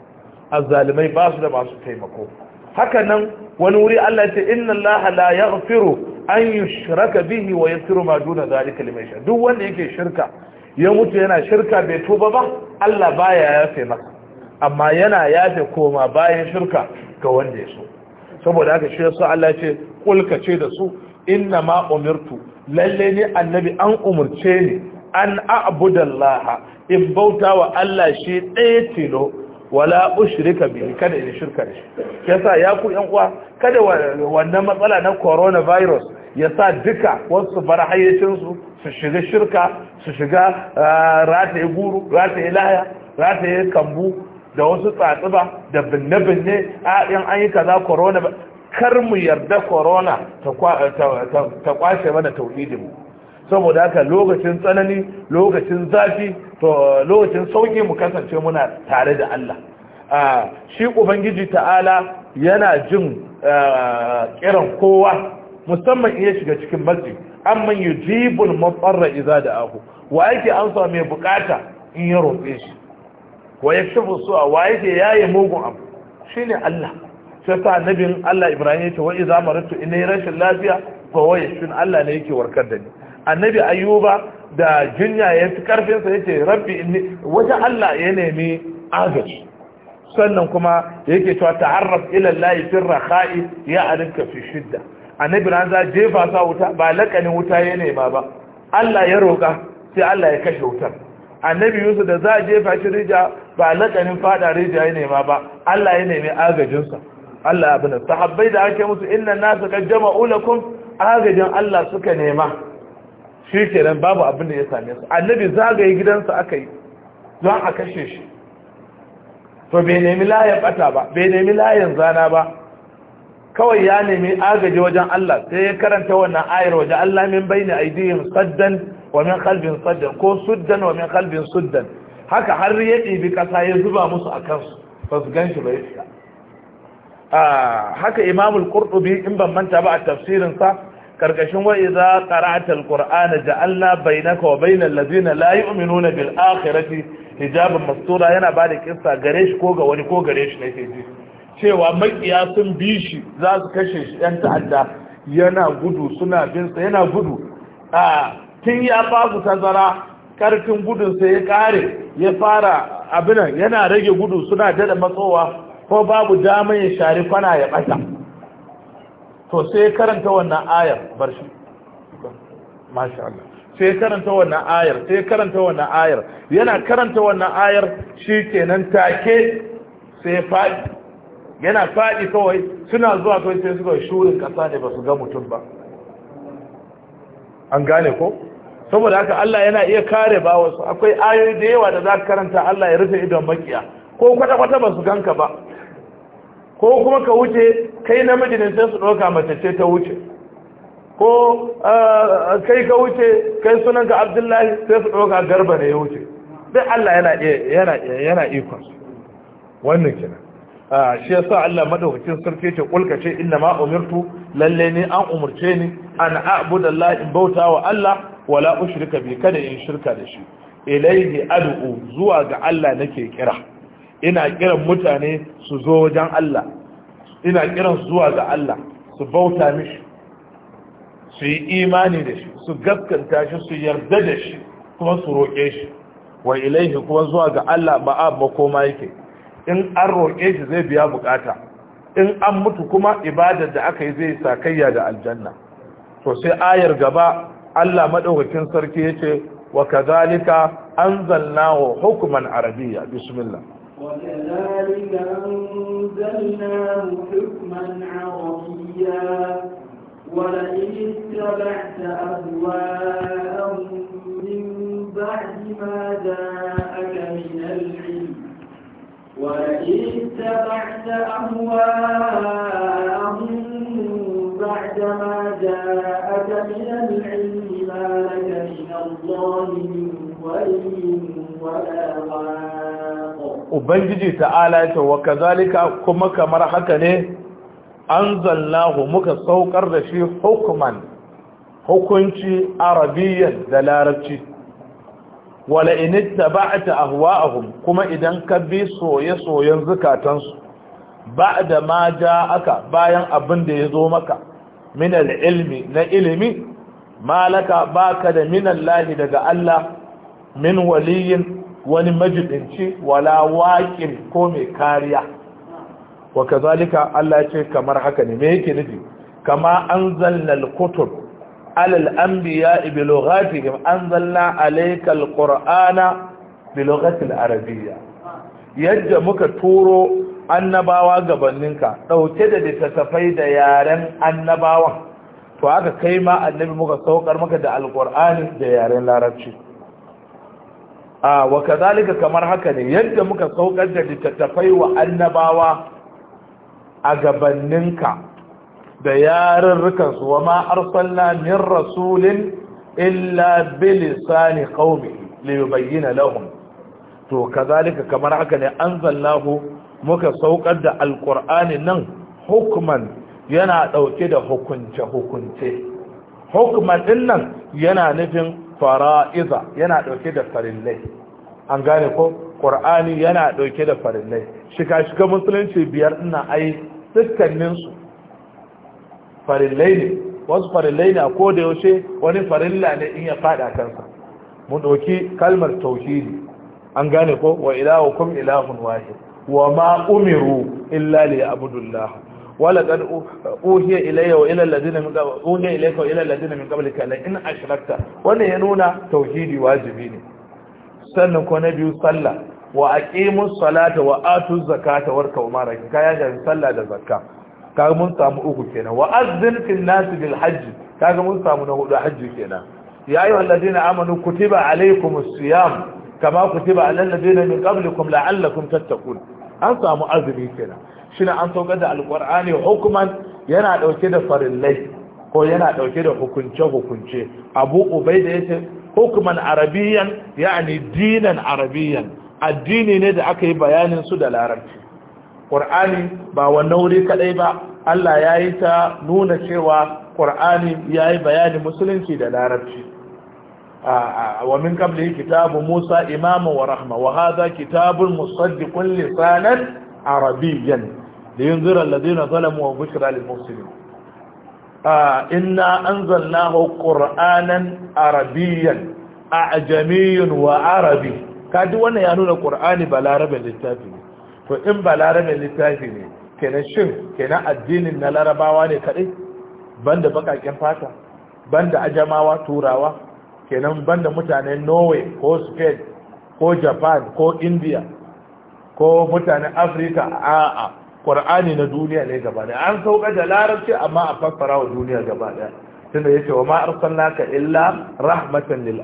azzalimai ba su da masu taimako haka nan wani wuri Allah ya ce inna Allah la yaghfiru an yushraka bihi wa yaghfiru ma duna zalika liman yasha duk wanda yake shirka ya mutu yana shirka bai tuba ba Allah baya yafe masa amma yana yafe koma bayan shirka ga wanda ya so saboda haka shi yasa Allah ce kulka ce da su inna ma umirtu lalle ne annabi an umurce ni an a'budallaha in bauta wa Allah shi ɗaya tilo wala ushrika bihi kada in shirka da shi yasa ya ku yan uwa kada wannan matsala na coronavirus ya sa duka wasu bar su su shiga shirka su shiga ah, rataye guru rataye laya rataye kambu da wasu tsatsi ba da binne-binne a yan an yi kaza corona kar mu yarda corona ta kwashe mana tauhidinmu saboda haka lokacin tsanani lokacin zafi lokacin sauki mu kasance muna tare da Allah shi ubangiji ta'ala yana jin kiran kowa musamman iya shiga cikin masjid amma yujibul mutarra da da'ahu wa yake amsa mai bukata in ya roƙe shi wa ya shafu su'a wa yake yaye mugun abu shine Allah sai ta annabin Allah Ibrahim ya ce wa idza maratu inni rashin lafiya fa wa yashfin Allah ne yake warkar da ni annabi ayyuba da jinya ya fi karfin sa yace rabbi inni waje Allah ya nemi agaji sannan kuma yake cewa ta'arraf ila Allah fi rakha'i ya alinka fi shidda annabi ran za jefa sa wuta ba lakanin wuta ya nema ba Allah ya roka sai Allah ya kashe wutar annabi Yusuf da za a jefa shi rija ba lakanin fada rijiya ya nema ba Allah ya nemi agajinsa Allah abin da sahabbai da ake musu inna nasu kan jama'u lakum agajin Allah suka nema shi kenan babu abin da ya same su annabi zagaye gidansa aka yi don a kashe shi to bai nemi layan bata ba bai nemi layan zana ba kawai ya nemi agaji wajen Allah sai ya karanta wannan ayar wajen. Allah min bayni aidihim saddan wa min khalbin saddan ko suddan wa min khalbin suddan haka har ya ɗibi ƙasa ya zuba musu a kansu ba su gan shi ba ya fita haka imamul ƙurɗubi in ban manta ba a tafsirin sa karkashin wa idza qara'ta alqur'ana ja'alna bai na lazina layi la na bil akhirati hijabin mastura yana bada kissa gare shi ko ga wani ko gare shi na keji cewa makiya sun bi shi za su kashe shi yan ta'adda yana gudu suna binsa yana gudu a tun ya babu tazara karfin gudun sai ya kare ya fara abin yana rage gudu suna dada matsowa ko babu dama ya shari kwana ya bata to sai ya karanta wannan ayar bar shi masha Allah sai karanta wannan ayar sai karanta wannan ayar yana karanta wannan ayar shikenan take sai fadi yana fadi kawai suna zuwa kawai sai suka shurin kasa ne ba su ga mutum ba an gane ko saboda haka Allah yana iya kare ba wasu akwai ayoyi da yawa da za ka karanta Allah ya rufe idon makiya ko kwata-kwata ba su ganka ba ko kuma ka wuce kai namiji ne sai su ɗauka mace ce ta wuce ko kai ka wuce kai sunanka abdullahi sai su ɗauka garba ne ya wuce duk Allah yana yana yana ikon wannan kenan shi yasa Allah madaukakin sarki ce kulkace ce inna ma umirtu lalle ni an umurce ni an a'budallahi in bauta wa Allah wala ushrika bi kada in shirka da shi ilaihi ad'u zuwa ga Allah nake kira ina kiran mutane su zo wajen Allah ina kiran su zuwa ga Allah su bauta mishi su yi imani da shi su gaskanta shi su yarda da shi kuma su roƙe shi wa ilaihi kuma zuwa ga Allah ba koma yake in an roƙe shi zai biya bukata in an mutu kuma ibadar da aka yi zai sakayya da aljanna to sai ayar gaba Allah madaukakin sarki yace wa kadhalika anzalnahu hukman arabiyya bismillah وكذلك أنزلناه حكما عربيا ولئن اتبعت أهواءهم من بعد ما جاءك من العلم ولئن اتبعت أهواءهم ما جاءك من العلم Ubangiji ta'ala ya wa kazalika kuma kamar haka ne an zallahu muka saukar da shi hukuman hukunci arabiyyar da larabci wala inita a ahwa'ahum kuma idan ka bi soye-soyen zukatansu ba da ma ja aka bayan abin da ya zo maka min ilmi na ilimi malaka baka da min lahi daga Allah min waliyin wani majibinci wala waqin ko mai kariya wa kazalika Allah ce kamar haka ne me yake nufi kama an al-kutub alal al-anbiya bi lughatihim anzalna alayka qurana bi lughati al-arabiyya yadda muka turo annabawa gabaninka ɗauke da littattafai da yaren annabawan to aka kai ma annabi muka saukar maka da alkur'ani da yaren larabci a wa kazalika kamar haka ne yadda muka saukar da littattafai wa annabawa a gabaninka da yarurrukan su wa ma arsalna min rasulin illa bilisani qaumi li yubayyana lahum to kazalika kamar haka ne anzalnahu muka saukar da alkur'ani nan hukman yana ɗauke da hukunce-hukunce hukman din nan yana nufin fara'iza yana ɗauke da farillai an gane ko ƙur'ani yana ɗauke da farillai shika-shika musulunci biyar ina ai dukkaninsu farillai ne wasu farillai ne a koda yaushe wani farilla ne in ya faɗa kansa mu ɗauki kalmar tauhidi an gane ko wa kum ilahun wahid wa ma umiru illa li abudullah wala qad uhiya ilayya wa ila alladhina min qabl uhiya ilayka wa ila alladhina min qablika la in ashrakta wanda ya nuna tauhidi wajibi ne sannan ko na biyu sallah wa aqimus salata wa atuz zakata warkau maraki kaya da sallah da zakka kaga mun samu uku kenan wa azzin fil nas bil hajj kaga mun samu na hudu hajji kenan ya ayyuhal ladina amanu kutiba alaykumus siyam kama kutiba alal ladina min qablikum la'allakum tattaqun an samu azumi kenan shine an saukar da alqur'ani hukuman yana dauke da farillai ko yana dauke da hukunce hukunce abu da yace hukuman arabiyan yani dinan arabiyan addini ne da aka yi bayanin su da larabci qur'ani ba wannan wuri kadai ba Allah yayi ta nuna cewa qur'ani yayi bayanin musulunci da larabci ومن قبله كتاب موسى إماما ورحمة وهذا كتاب مصدق لسانا عربيا لينذر الذين ظلموا وبشرى للمسلمين إنا أنزلناه قرآنا عربيا أعجمي وعربي kaji wannan ya nuna ƙur'ani ba larabin littafi ne to in ba littafi ne kenan shin kenan addinin na larabawa ne kaɗai banda baƙaƙen fata banda ajamawa turawa kenan banda mutanen norway ko spain ko japan ko india ko mutanen afirka a ƙwar'ani na duniya ne gaba ɗaya an sauƙa da larabci amma a fassara wa duniya gaba ɗaya tunda ce wa ma arsalnaka illa rahmatan lil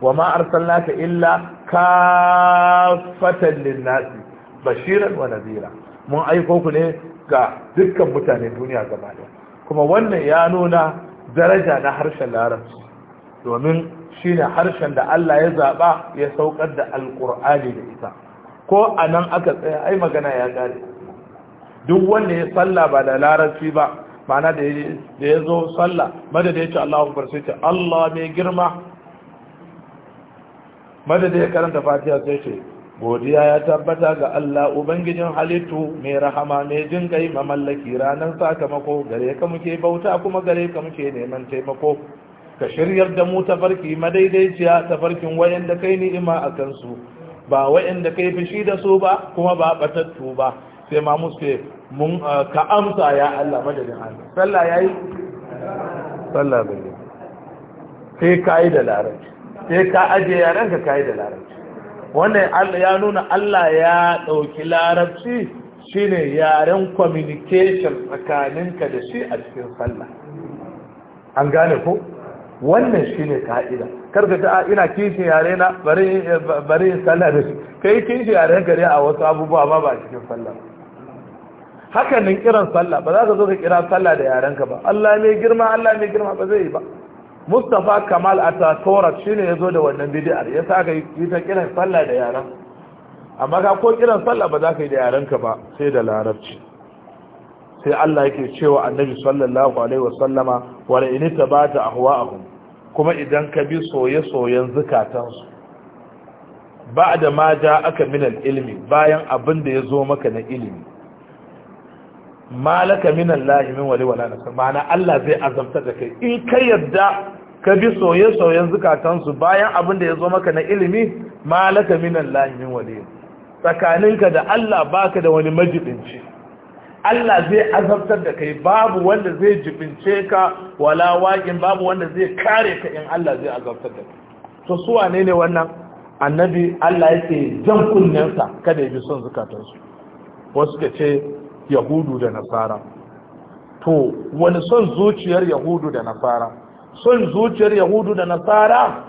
wa ma arsalnaka illa kafatan lin nas bashiran wa nazira mun aiko ku ne ga dukkan mutanen duniya gaba ɗaya kuma wannan ya nuna daraja na harshen larabci domin shi ne harshen da Allah ya zaɓa ya saukar da alƙur'ani da ita ko a nan aka tsaya ai magana ya ƙare duk wanda ya salla ba da larabci ba ma'ana da ya zo salla da ya ce Allah akbar ce Allah mai girma da ya karanta fatiha sai ce godiya ya tabbata ga Allah ubangijin halittu mai rahama mai jin kai mamallaki ranar sakamako gare ka muke bauta kuma gare ka muke neman taimako ka shiryar da mu tafarki madaidaiciya tafarkin da kai ni'ima a kansu ba da kai fishi da su ba kuma ba batattu ba sai ma muske mun ka amsa ya Allah madadin Allah sallah yayi sallah bai sai kai da larabci sai ka aje yaran ka kai da larabci wannan Allah ya nuna Allah ya dauki larabci shine yaren communication tsakaninka da shi a cikin sallah an gane ko wannan shine ka'ida karka ta ah, ina kishin yare na bari bari sallah da shi yi kishin yare gari a wasu abubuwa ma ba cikin sallah hakanin nan kiran sallah ba za ka zo ka kira sallah da yarenka ba Allah mai girma Allah mai girma ba zai yi ba Mustapha Kamal ne shine yazo da wannan bid'ar ya saka yi ta kiran sallah da yaren amma ka ko kiran sallah ba za ka yi da yarenka ba sai da larabci sai Allah yake cewa annabi sallallahu alaihi wasallama wala in tabata ahwa'ahum kuma idan ka bi soye-soyen zukatansu ba'da ma aka min ilmi bayan abin da yazo maka na ilimi malaka min Allah min wali wala nasar ma'ana Allah zai azamta da kai in ka yadda ka bi soye-soyen zukatansu bayan abin da yazo maka na ilimi malaka min Allah min wali tsakaninka da Allah baka da wani majibinci Allah zai azabtar da kai babu wanda zai jibince ka wala waƙin babu wanda zai kare ka in Allah zai azabtar da kai to su wane ne wannan annabi Allah yake jan kunnensa kada ya bi son zukatarsu wasu ka ce yahudu da nasara to wani son zuciyar yahudu da nasara son zuciyar yahudu da nasara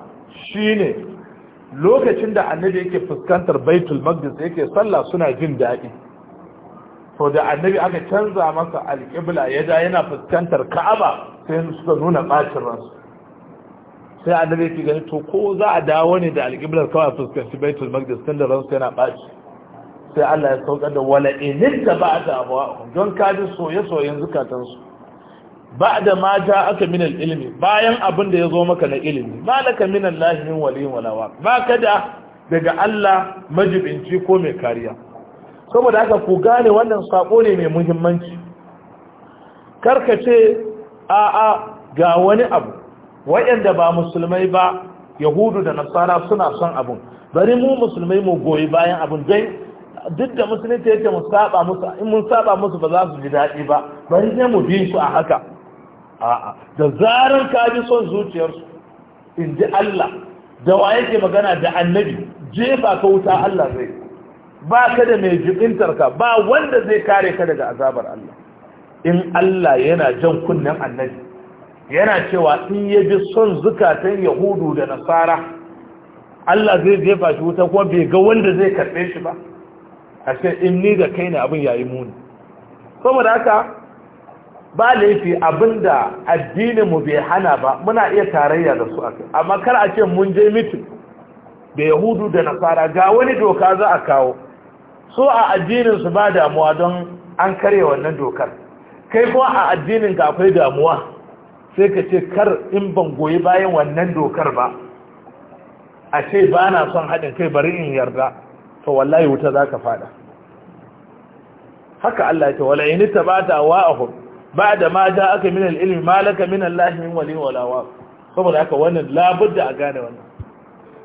shine lokacin da annabi yake fuskantar baitul magdis yake sallah suna jin daɗi to da annabi aka canza masa alƙibla ya da yana fuskantar ka'aba sai suka nuna ɓacin ransu sai annabi ya gani to ko za a dawo ne da alƙiblar kawai fuskanci baitul maqdis tun da ransu yana ɓaci sai Allah ya saukar da wala inin da ba da abuwa don kaji soye-soyen zukatansu ba da ma ja aka min ilimi bayan abin da ya zo maka na ilimi ba laka min Allah min waliyin walawa ba ka da daga Allah majibinci ko mai kariya saboda haka ku gane wannan sako ne mai muhimmanci karkace ce a'a ga wani abu waɗanda ba musulmai ba yahudu da nasara suna son abun bari mu musulmai mu goyi bayan abun dai duk da musulunci yake mu musu in mun saba musu ba za su ji daɗi ba bari ne mu bi su a haka a'a da zarar ka bi son zuciyarsu in ji Allah da wa yake magana da annabi jefa ka wuta Allah zai ba ka da mai jibintar ba wanda zai kare ka daga azabar Allah in Allah yana jan kunnen annabi yana cewa in ya bi son zukatan yahudu da nasara Allah zai jefa shi wuta kuma bai ga wanda zai karɓe shi ba a ce in ni da kai ne abin yayi muni saboda haka ba laifi abinda addinin mu bai hana ba muna iya tarayya da su akai amma kar a ce mun je mitin da yahudu da nasara ga wani doka za a kawo so a addinin su ba damuwa don an karya wannan dokar kai kuma a addinin ka akwai damuwa sai ka ce kar in ban goyi bayan wannan dokar ba a ce ba na son haɗin kai bari in yarda to wallahi wuta za ka fada haka Allah ta wala in tabata ba ba'da ma ja'aka min al-ilmi ma laka min Allah min wali wala wa saboda haka wannan labudda a gane wannan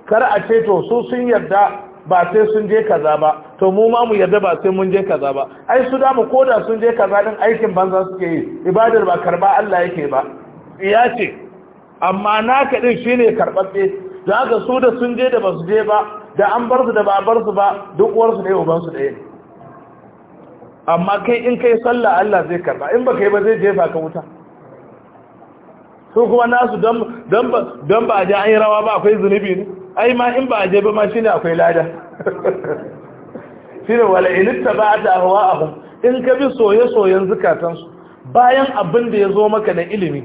kar a ce to su sun yarda ba sai sun je kaza ba to mu ma mu yarda ba sai mun je kaza ba ai su da mu koda sun je kaza din aikin banza suke yi ibadar ba karba Allah yake ba iya ce amma naka din shine karbatse da su da sun je da ba su je ba da an bar su da ba bar su ba duk uwar su ne uban su ne amma kai in kai sallah Allah zai karba in baka yi ba zai jefa ka wuta su kuma nasu don ba a ji an yi rawa ba akwai zunubi ne ai ma in ba a je ba ma shine akwai lada ne wala ilitta ba a hawa ahum in ka bi soye-soyen zukatansu bayan abin da ya zo maka na ilimi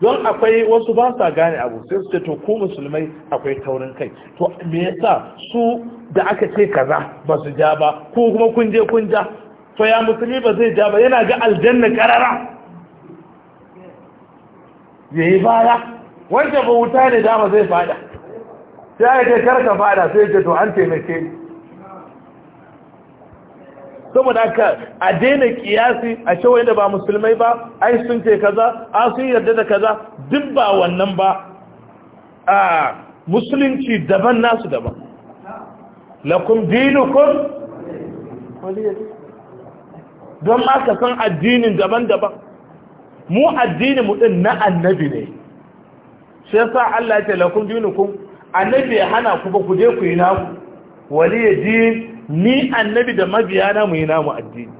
don akwai wasu ba sa gane abu sai su ce to ku musulmai akwai taurin kai to me yasa su da aka ce kaza ba su ja ba ko kuma kun je kun ja to ya musulmi ba zai ja ba yana ga aljanna karara ya yi baya wanda ba wuta ne dama zai fada sai aka karka fada sai ya to an taimake saboda haka a daina kiyasi a shawai da ba musulmai ba ai sun ce kaza a sun yarda da kaza duk ba wannan ba a musulunci daban nasu daban lakum dinukum don ma ka san addinin daban-daban mu addini mu din na annabi ne shi yasa Allah ya ce lakum dinukum annabi ya hana ku ba ku je ku yi Wali ya ji ni annabi da mabiyana mu yi namu addini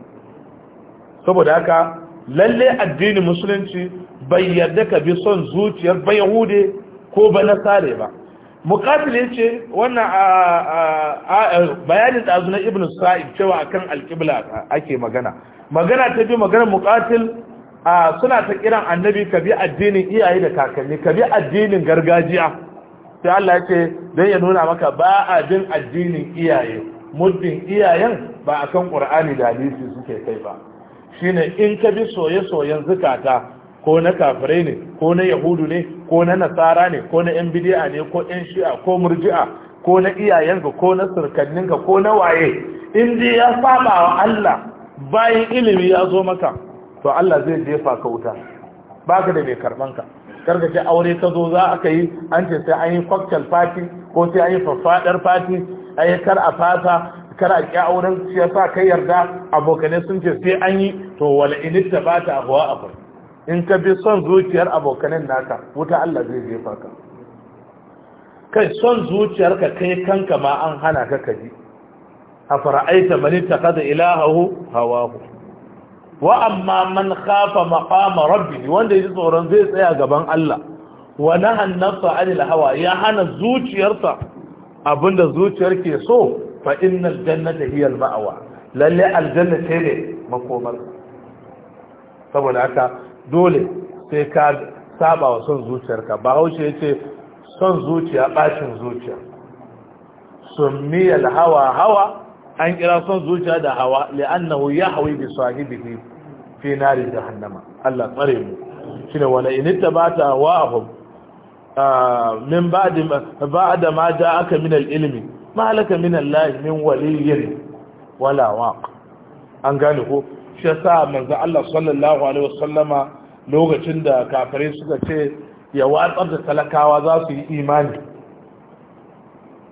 saboda haka lalle addini musulunci bai yarda ka bi son zuciyar ba yahude ko ba nasare ba muqatil ce wannan bayanin da azuna ibnu sa'id cewa akan alqibla ake magana magana ta bi magana muqatil suna ta kiran annabi ka bi addinin iyaye da kakanni ka bi addinin gargajiya sai Allah ya ce don ya nuna maka ba a bin addinin iyaye muddin iyayen ba a kan ƙur'ani da hadisi suke kai ba shine in ka bi soye-soyen zukata ko na kafirai ne ko na yahudu ne ko na nasara ne ko na yan bidi'a ne ko yan shi'a ko murji'a ko na iyayenka ko na ka ko na waye in ji ya saba wa Allah bayan ilimi ya zo maka to Allah zai jefa ka wuta ka da mai karban ka karka ce aure ka zo za aka yi an ce sai an yi cocktail party ko sai an yi faffadar party ai kar a fata kar a ƙi auren shi yasa kai yarda abokanai sun ce sai an yi to wala initta ba ta abuwa abu in ka bi son zuciyar abokanan naka wuta Allah zai jefa ka kai son zuciyarka kai kanka ma an hana ka kaji a fara'aita mani ta kada ilahahu hawahu wa amma man khafa maqama rabbi wanda yaji tsoron zai tsaya gaban Allah wa nahan nafsa anil hawa ya hana zuciyarsa abinda zuciyar ke so fa innal jannata hiya al ma'wa lalle ne makomar saboda haka dole sai ka saba wa son zuciyarka ba haushe yace son zuciya bacin zuciya miyar hawa hawa an kira son zuciya da hawa li'annahu yahwi bi sahibihi fi nari jahannama Allah tsare mu shine wala in tabata wa'hum ah, min ba'di ba'da ma ja'aka min al-ilmi ma laka min Allah min waliyyin wala waq an gane ko shi yasa manzo Allah sallallahu alaihi wasallama lokacin da kafirai suka ce ya watsar da talakawa za su yi imani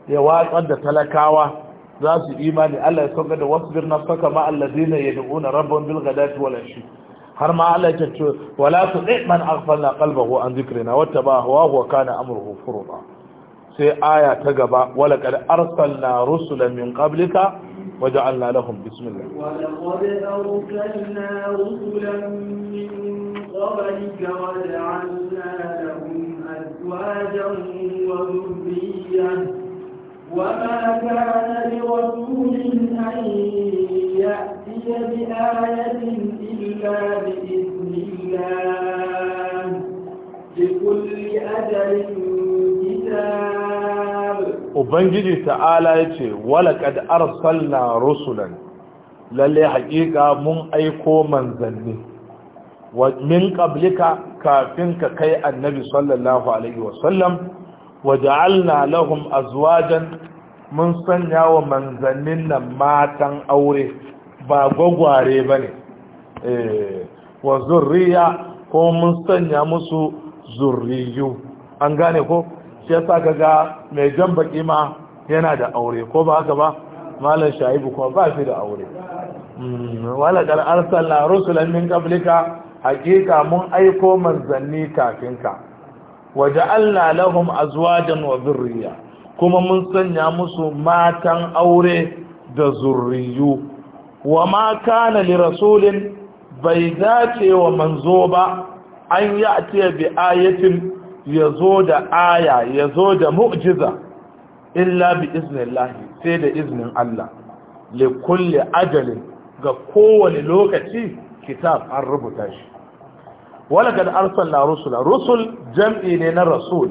ya watsar da talakawa za su imani Allah ya sauka da wasbir nafsaka ma allazina yad'una rabbahum bil ghadati wal ashi har ma Allah ya ce wala tu'i man aghfalna qalbahu an dhikrina wattaba hawahu wa kana amruhu furuta sai aya ta gaba wala qad arsalna rusulan min qablika waja'alna lahum bismillah wa laqad arsalna rusulan min qablika waja'alna lahum azwajan wa dhurriyyatan وما كان لرسول أن يأتي بآية إلا بإذن الله لكل أجل كتاب Ubangiji ta'ala ya ce, Walaƙad arsalna rusulan, lalle haƙiƙa mun aiko manzanni, min ƙablika kafin ka kai annabi sallallahu Alaihi wasallam, waja'alna lahum azwajan mun sanya wa manzannin nan matan aure ba gwagware bane eh wa zurriya ko mun sanya musu zurriyu an gane ko shi yasa kaga mai jan baki ma yana da aure ko ba haka ba malam shaibu kuma ba shi da aure wala kar arsalna rusulan min qablika hakika mun aiko manzanni kafinka waja'alna lahum azwajan wa dhurriya kuma mun sanya musu matan aure da zurriyu wa ma kana li rasulin bai dace wa manzo ba an ya'ti bi ayatin zo da aya Ya zo da mu'jiza illa bi iznillahi sai da iznin Allah li kulli ajalin ga kowane lokaci kitab an rubuta shi walakad na rusula rusul jam'i ne na rasul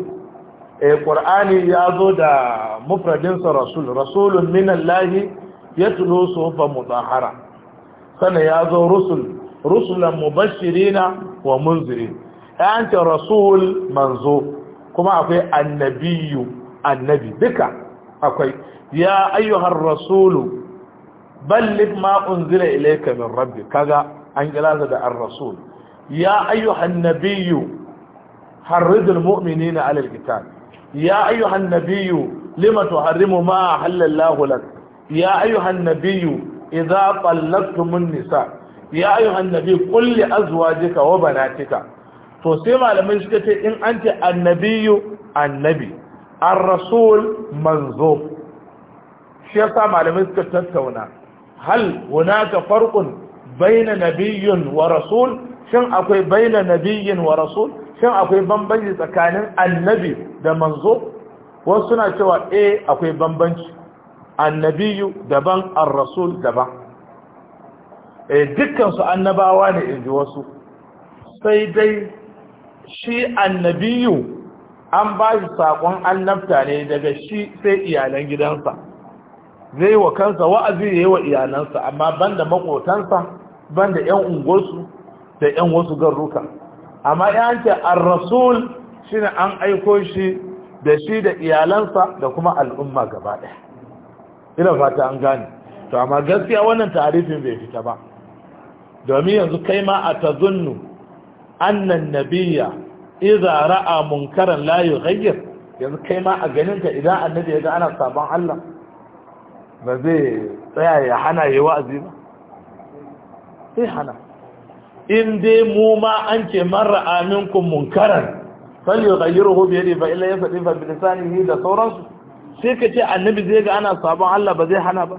eh ƙur'ani ya zo da mufradinsa rasul rasulun minallahi su suhufan muzahara. sana ya zo rusul rusulan mubashirina wa munzirin an rasul manzo kuma akwai annabiyu annabi duka akwai ya ayyuhar rasulu ballig ma unzila ilayka min rabbik kaga an kira da an rasul ya ayyuhan nabiyyu حرض المؤمنين على القتال يا أيها النبي لما تحرم ما أحل الله لك يا أيها النبي إذا طلقتم النساء يا أيها النبي قل لأزواجك وبناتك تسمى لما يشكتي إن أنت النبي النبي الرسول منظور شيطة معلمة تتونا هل هناك فرق بين نبي ورسول shin akwai baina nabiyin wa rasul shin akwai bambanci tsakanin annabi da manzo wasu suna cewa eh akwai bambanci annabiyu daban ar-rasul daban eh dukkan su annabawa ne inji wasu sai dai shi annabiyu an ba shi sakon annabta ne daga shi sai iyalan gidansa zai wa kansa wa'azi yayi wa iyalansa amma banda makotansa banda ƴan unguwarsu da yan wasu garruka amma yan hanke ar-rasul an aiko shi da shi da iyalansa da kuma al'umma gaba ɗaya ina fata an gane to amma gaskiya wannan tarifin bai fita ba domin yanzu kai ma a tazunnu annan nabiya iza ra'a munkaran la yughayyir yanzu kai ma a ganinka idan annabi ya ga ana sabon Allah ba zai tsaya ya hana yi wa'azi ba sai hana in dai mu ma an ce mara aminkun munkaran hobi yadda ba ila ya faɗi ba bi lisanihi da sauransu sai ka ce annabi zai ga ana sabon Allah ba zai hana ba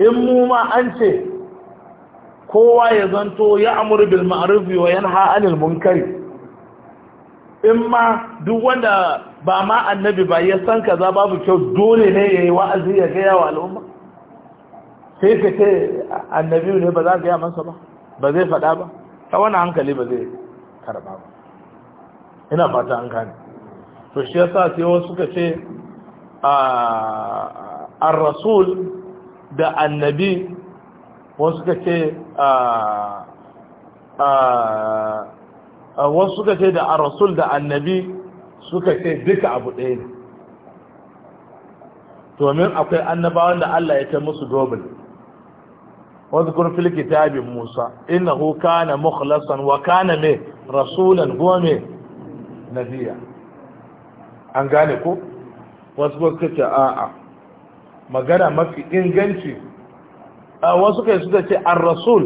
in mu ma an ce kowa ya zanto ya amuri bil ma'ruf wa yanha 'anil munkari in ma duk wanda ba ma annabi ba ya san kaza babu kyau dole ne yayi wa'azi ya ga yawa al'umma sai ka ce annabi ne ba za ga ya masa ba ba zai faɗa ba ta wani hankali ba zai karɓa ba ina fata an kane to shi yasa sai wasu suka ce an rasul da annabi wasu suka ce wasu suka ce da an rasul da annabi suka ce duka abu ɗaya ne domin akwai annabawan da Allah ya ce musu dobin واذكر في الكتاب موسى إنه كان مخلصا وكان مه رسولا هو مه نبيا an gane ko wasu ba suka ce a'a magana mafi inganci wasu kai suka ce an rasul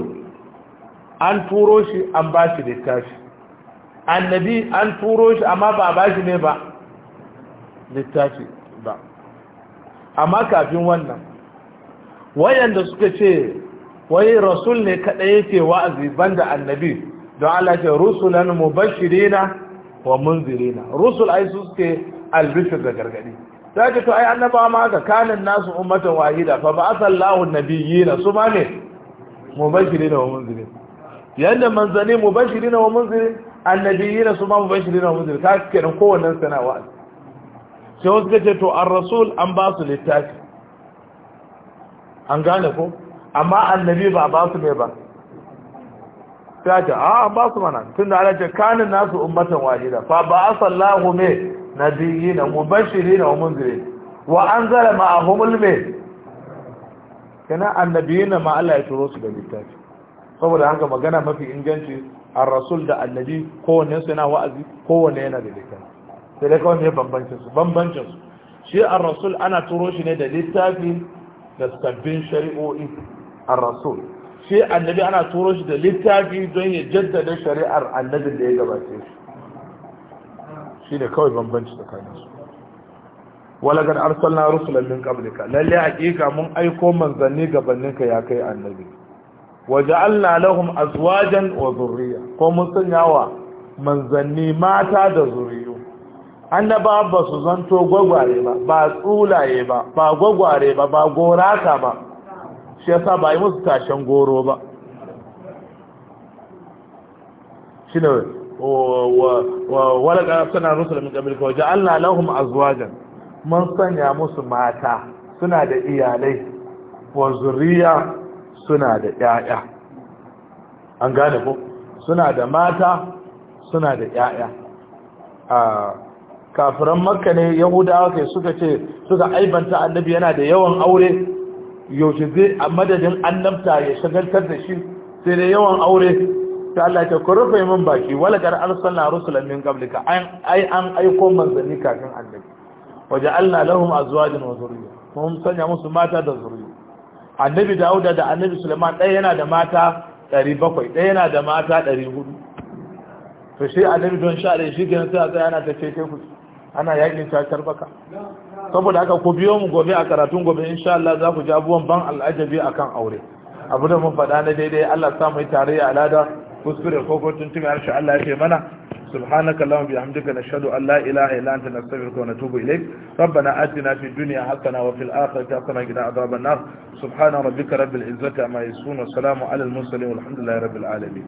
an turo shi an ba shi littafi annabi an turo shi amma ba ba shi ne ba littafi ba amma kafin wannan wayanda suka ce wai rasul ne kada yake wa'azi banda annabi don Allah ce rusulan mubashirina wa munzirina rusul ai su suke albishir da gargadi ta ce to ai annaba ma ga kanin nasu ummatan wahida fa ba asallahu nabiyina su ma ne mubashirina wa munzirina yanda manzani mubashirina wa munzirina annabiyina su ma mubashirina wa munzirina ka kenan kowannen sana wa'azi sai wasu kace to ar-rasul an ba su littafi an gane ko amma annabi ba ba su ne ba ta ce a ba su ah, mana tun da ala ce kanin nasu ummatan wahida fa ba a sallahu na biyi na mubashiri na munzire wa an zara a me kana annabi na ma Allah ya turo su da littafi saboda haka magana mafi inganci a rasul da annabi kowane su yana wa'azi kowane yana da littafi sai dai kawai ne bambancin su bambancin su shi a rasul ana turo shi ne da littafi da sabbin shari'o'i A rasul shi annabi ana turo shi da littafi don ya jaddada shari'ar annabin da ya gabace shi shi ne kawai bambanci tsakanin su walagar arsalna rusulan min qablika lalle hakika mun aiko manzani manzanni gabaninka ya kai annabi waja'alna lahum azwajan wa dhurriya ko mun sanyawa manzanni mata da zuriyo annaba ba su zanto gwagware ba ba ba ba gwagware ba ba goraka ba shi yasa ba yi musu tashen goro ba shi ne ga suna rusul min ƙabil kawai allah lahum azwajan mun sanya musu mata suna da iyalai wa zuriya suna da ƴaƴa an gane ko suna da mata suna da ƴaƴa kafiran makka ne yahudawa kai suka ce suka aibanta annabi yana da yawan aure yaushe zai a madadin annabta ya shagaltar da shi sai da yawan aure ta Allah ta ku rufe min baki wala gar arsalna rusulan min qablika an ai an aiko manzanni kafin annabi waja'alna lahum azwajan wa dhurriyya mun sanya musu mata da zuriya annabi Dawuda da annabi Sulaiman ɗaya yana da mata 700 ɗaya yana da mata 400 to shi annabi don sha da shi kenan sai a tsaya ana ta ce ku ana yakin ta tarbaka saboda haka ku biyo mu gobe a karatun gobe insha Allah za ku ji abubuwan ban al'ajabi akan aure abu da mun faɗa na daidai Allah sa mu tarayya alada kuskure ko ko tun tuna insha Allah ya mana subhanaka allahumma bihamdika nashhadu an la ilaha illa anta nastaghfiruka wa natubu ilayk rabbana atina fid dunya hasana wa fil akhirati hasana qina adhaban nar subhana rabbika rabbil izzati amma yasifun wa salamun alal mursalin walhamdulillahi rabbil alamin